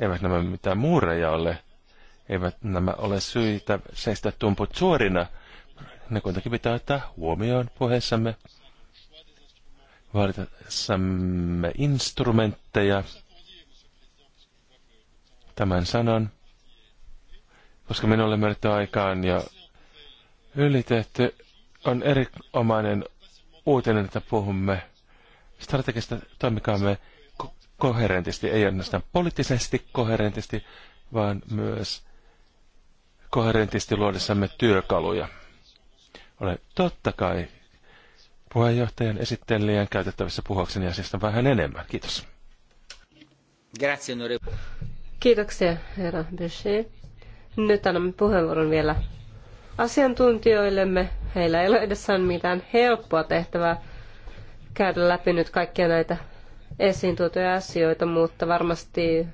Eivät nämä mitään muureja ole. Eivät nämä ole syitä seistä tumput suorina. Ne kuitenkin pitää ottaa huomioon puheessamme. Vaaditessamme instrumentteja. Tämän sanon koska minulle myönnetty aikaan ja ylitetty on erinomainen uutinen, että puhumme strategista toimikaamme ko- koherentisti, ei ainoastaan poliittisesti koherentisti, vaan myös koherentisti luodessamme työkaluja. Olen totta kai puheenjohtajan esittelijän käytettävissä puhuakseni asiasta vähän enemmän. Kiitos. Kiitoksia, herra Bechet. Nyt annamme puheenvuoron vielä asiantuntijoillemme. Heillä ei ole edessään mitään helppoa tehtävää käydä läpi nyt kaikkia näitä esiin tuotuja asioita, mutta varmasti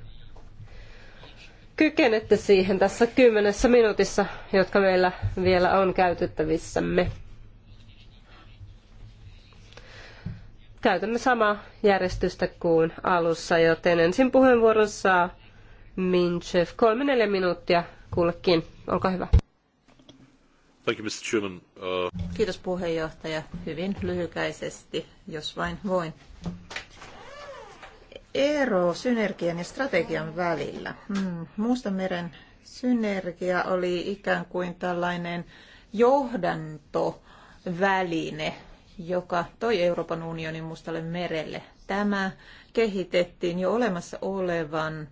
kykenette siihen tässä kymmenessä minuutissa, jotka meillä vielä on käytettävissämme. Käytämme samaa järjestystä kuin alussa, joten ensin puheenvuoron saa Minchev. Kolme neljä minuuttia kullekin. Olkaa hyvä. Uh, Kiitos puheenjohtaja. Hyvin lyhykäisesti, jos vain voin. Ero synergian ja strategian välillä. Hmm. Mustameren synergia oli ikään kuin tällainen johdantoväline, joka toi Euroopan unionin mustalle merelle. Tämä kehitettiin jo olemassa olevan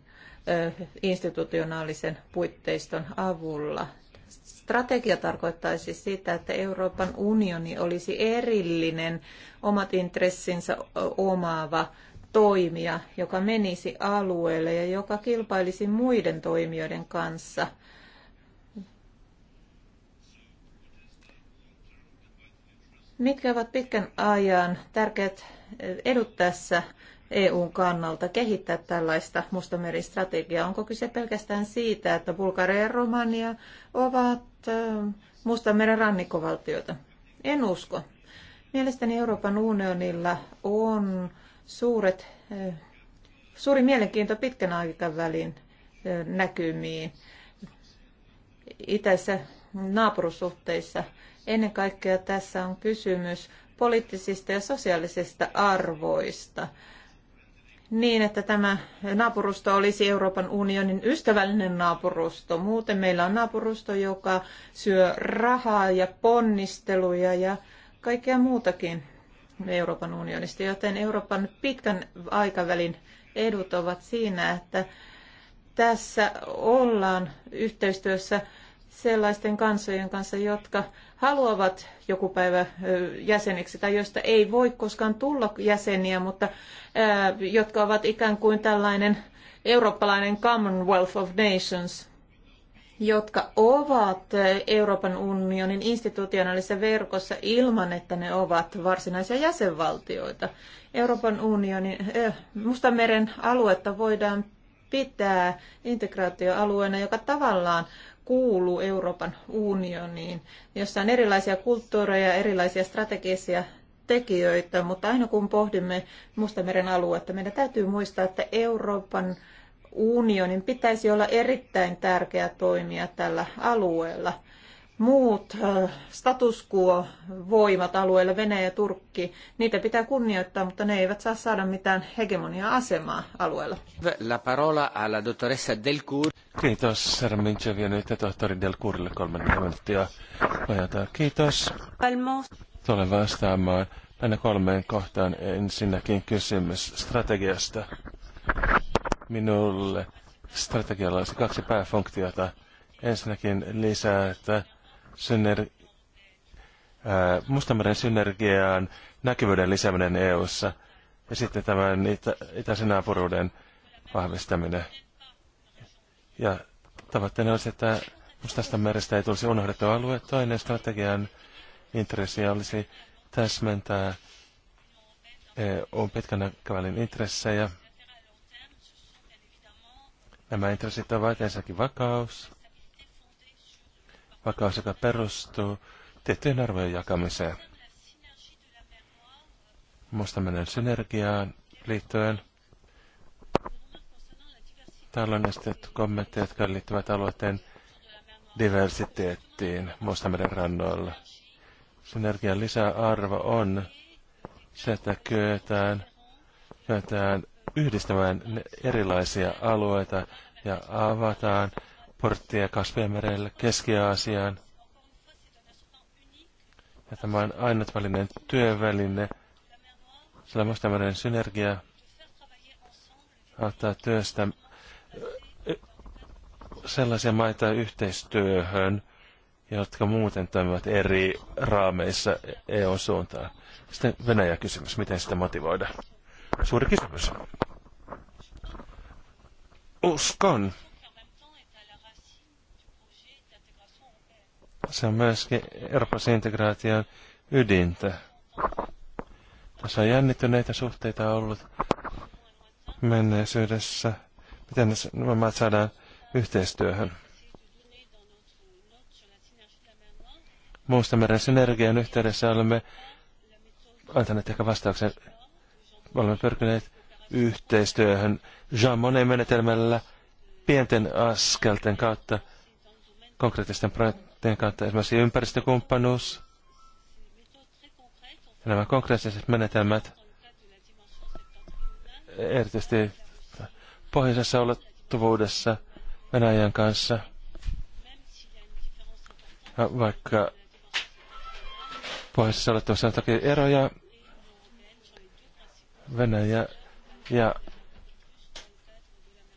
institutionaalisen puitteiston avulla. Strategia tarkoittaisi sitä, että Euroopan unioni olisi erillinen, omat intressinsä omaava toimija, joka menisi alueelle ja joka kilpailisi muiden toimijoiden kanssa. Mitkä ovat pitkän ajan tärkeät edut tässä EUn kannalta kehittää tällaista mustameristrategiaa? Onko kyse pelkästään siitä, että Bulgaria ja Romania ovat mustameren rannikkovaltioita? En usko. Mielestäni Euroopan unionilla on suuret, suuri mielenkiinto pitkän aikavälin näkymiin itäisissä naapurussuhteissa. Ennen kaikkea tässä on kysymys poliittisista ja sosiaalisista arvoista – niin, että tämä naapurusto olisi Euroopan unionin ystävällinen naapurusto. Muuten meillä on naapurusto, joka syö rahaa ja ponnisteluja ja kaikkea muutakin Euroopan unionista, joten Euroopan pitkän aikavälin edut ovat siinä, että tässä ollaan yhteistyössä sellaisten kansojen kanssa, jotka haluavat joku päivä jäseniksi tai joista ei voi koskaan tulla jäseniä, mutta jotka ovat ikään kuin tällainen eurooppalainen Commonwealth of Nations, jotka ovat Euroopan unionin institutionaalisessa verkossa ilman, että ne ovat varsinaisia jäsenvaltioita. Euroopan unionin äh, Mustameren aluetta voidaan pitää integraatioalueena, joka tavallaan kuuluu Euroopan unioniin, jossa on erilaisia kulttuureja, erilaisia strategisia tekijöitä, mutta aina kun pohdimme Mustameren aluetta, meidän täytyy muistaa, että Euroopan unionin pitäisi olla erittäin tärkeä toimija tällä alueella muut status quo-voimat alueella, Venäjä ja Turkki, niitä pitää kunnioittaa, mutta ne eivät saa saada mitään hegemonia-asemaa alueella. La parola alla dottoressa Delcourt. Kiitos, Sarah Minchev, ja nyt tohtori Delcourille kolme minuuttia vajata. Kiitos. Tulen vastaamaan aina kolmeen kohtaan ensinnäkin kysymys strategiasta. Minulle strategialla olisi kaksi pääfunktiota. Ensinnäkin lisää, että syner- ää, äh, Mustameren synergiaan näkyvyyden lisääminen EU:ssa ja sitten tämän itä- itäisen naapuruuden vahvistaminen. Ja tavoitteena olisi, että Mustasta merestä ei tulisi unohdettu alue. Toinen strategian intressi olisi täsmentää on e pitkän aikavälin intressejä. Nämä intressit ovat ensinnäkin vakaus, vakaus, joka perustuu tiettyjen arvojen jakamiseen. Muistaminen synergiaan liittyen. Täällä on esitetty kommentteja, jotka liittyvät alueiden diversiteettiin Mustameren rannoilla. Synergian lisäarvo on se, että kyetään, kyetään yhdistämään erilaisia alueita ja avataan porttia Kaspian merelle Keski-Aasiaan. Ja tämä on ainut välinen työväline, sillä Mustameren synergia auttaa työstä sellaisia maita yhteistyöhön, jotka muuten toimivat eri raameissa EUn suuntaan. Sitten Venäjä-kysymys, miten sitä motivoida? Suuri kysymys. Uskon, Se on myöskin eurooppalaisen integraation ydintä. Tässä on jännittyneitä suhteita ollut menneisyydessä. Miten nämä maat saadaan yhteistyöhön? Muustameren synergian yhteydessä olemme antaneet ehkä vastauksen. Olemme pyrkineet yhteistyöhön Jean Monnet menetelmällä pienten askelten kautta konkreettisten projektien aloitteen kautta, esimerkiksi ympäristökumppanuus ja nämä konkreettiset menetelmät, erityisesti pohjoisessa ulottuvuudessa Venäjän kanssa, ja vaikka pohjoisessa ulottuvuudessa on toki eroja, Venäjä ja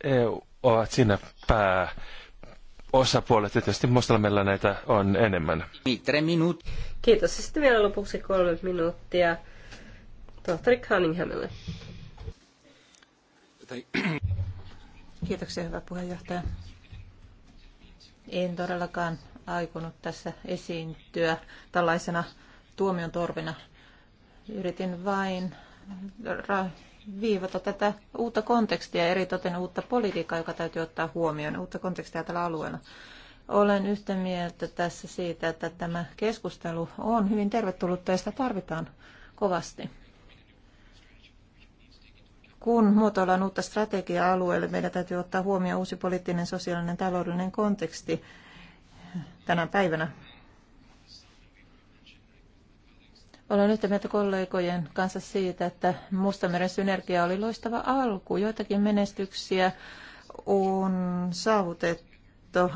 EU ovat siinä pää osapuolet, ja tietysti mustelmilla näitä on enemmän. Kiitos. Sitten vielä lopuksi kolme minuuttia tohtori Cunninghamille. Kiitoksia, hyvä puheenjohtaja. En todellakaan aikonut tässä esiintyä tällaisena tuomion torvina. Yritin vain viivata tätä uutta kontekstia, eritoten uutta politiikkaa, joka täytyy ottaa huomioon, uutta kontekstia tällä alueella. Olen yhtä mieltä tässä siitä, että tämä keskustelu on hyvin tervetullut ja sitä tarvitaan kovasti. Kun muotoillaan uutta strategiaa alueelle, meidän täytyy ottaa huomioon uusi poliittinen, sosiaalinen, taloudellinen konteksti tänä päivänä Olen yhtä mieltä kollegojen kanssa siitä, että Mustameren synergia oli loistava alku. Joitakin menestyksiä on saavutettu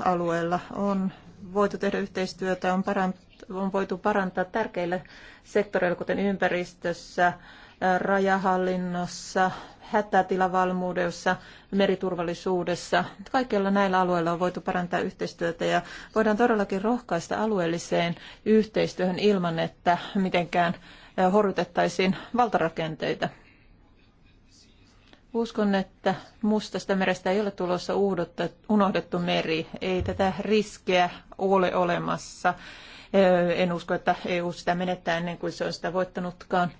alueella, on voitu tehdä yhteistyötä, on, parant- on voitu parantaa tärkeillä sektoreilla, kuten ympäristössä, rajahallinnossa, hätätilavalmuudessa, meriturvallisuudessa. Kaikilla näillä alueilla on voitu parantaa yhteistyötä ja voidaan todellakin rohkaista alueelliseen yhteistyöhön ilman, että mitenkään horjutettaisiin valtarakenteita. Uskon, että Mustasta merestä ei ole tulossa unohdettu meri. Ei tätä riskiä ole olemassa. En usko, että EU sitä menettää ennen kuin se on sitä voittanutkaan.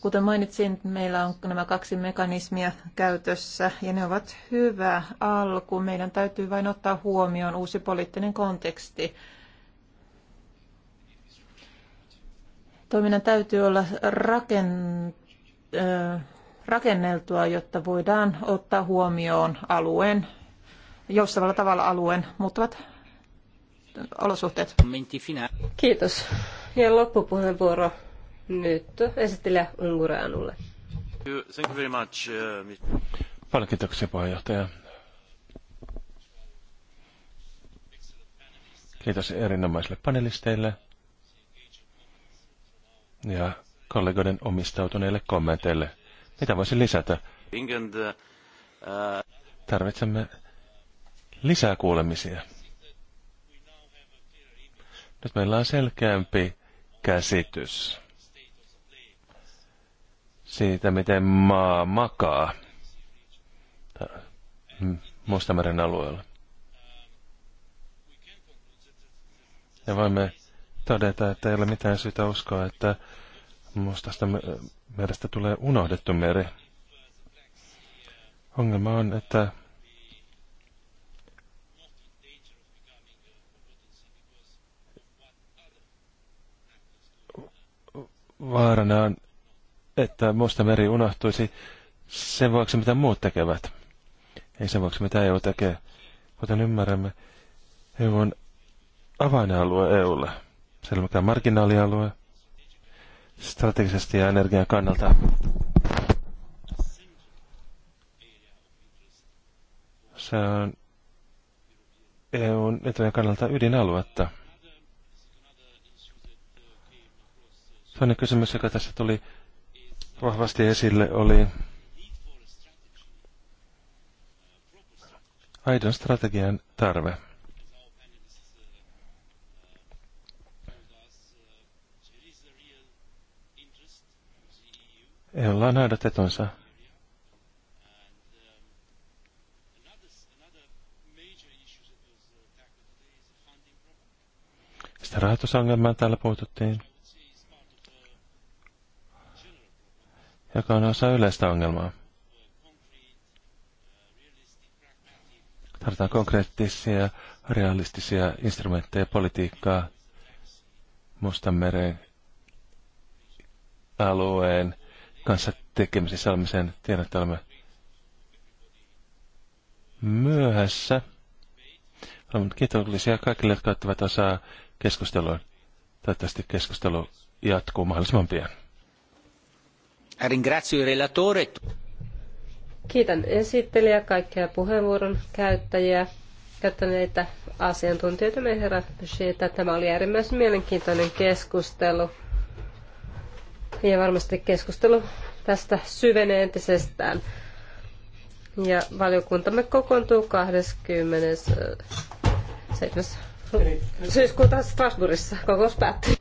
Kuten mainitsin, meillä on nämä kaksi mekanismia käytössä ja ne ovat hyvä alku. Meidän täytyy vain ottaa huomioon uusi poliittinen konteksti. Toiminnan täytyy olla raken, äh, rakenneltua, jotta voidaan ottaa huomioon alueen, jossain tavalla alueen muuttuvat olosuhteet. Kiitos. Ja loppupuheenvuoro nyt esittelijä Unguraanulle. Thank you very much. Uh, Paljon kiitoksia puheenjohtaja. Kiitos erinomaisille panelisteille ja kollegoiden omistautuneille kommenteille. Mitä voisin lisätä? Uh, uh, Tarvitsemme lisää kuulemisia. Nyt meillä on selkeämpi käsitys siitä, miten maa makaa Mustameren alueella. Ja voimme todeta, että ei ole mitään syytä uskoa, että Mustasta merestä tulee unohdettu meri. Ongelma on, että vaarana on että meri unohtuisi sen vuoksi, mitä muut tekevät. Ei sen vuoksi, mitä EU tekee. Kuten ymmärrämme, EU on avainalue EUlle. Se on mikään marginaalialue strategisesti ja energian kannalta. Se on EUn etujen kannalta ydinaluetta. Toinen kysymys, joka tässä tuli vahvasti esille, oli aidon strategian tarve. EUlla on aina tetonsa. Sitten rahoitusongelmaa täällä puututtiin. joka on osa yleistä ongelmaa. Tarvitaan konkreettisia, realistisia instrumentteja politiikkaa Mustanmeren alueen kanssa tekemisissä olemisen. Tiedän, että olemme myöhässä. Olemme kiitollisia kaikille, jotka ottavat osaa keskusteluun. Toivottavasti keskustelu jatkuu mahdollisimman pian. Ringrazio il relatore. Kiitän esittelijä, kaikkia puheenvuoron käyttäjiä, käyttäneitä asiantuntijoita, me herra Shita. Tämä oli äärimmäisen mielenkiintoinen keskustelu. Ja varmasti keskustelu tästä syvenee entisestään. Ja valiokuntamme kokoontuu 27. syyskuuta Strasbourgissa. Kokous päättyy.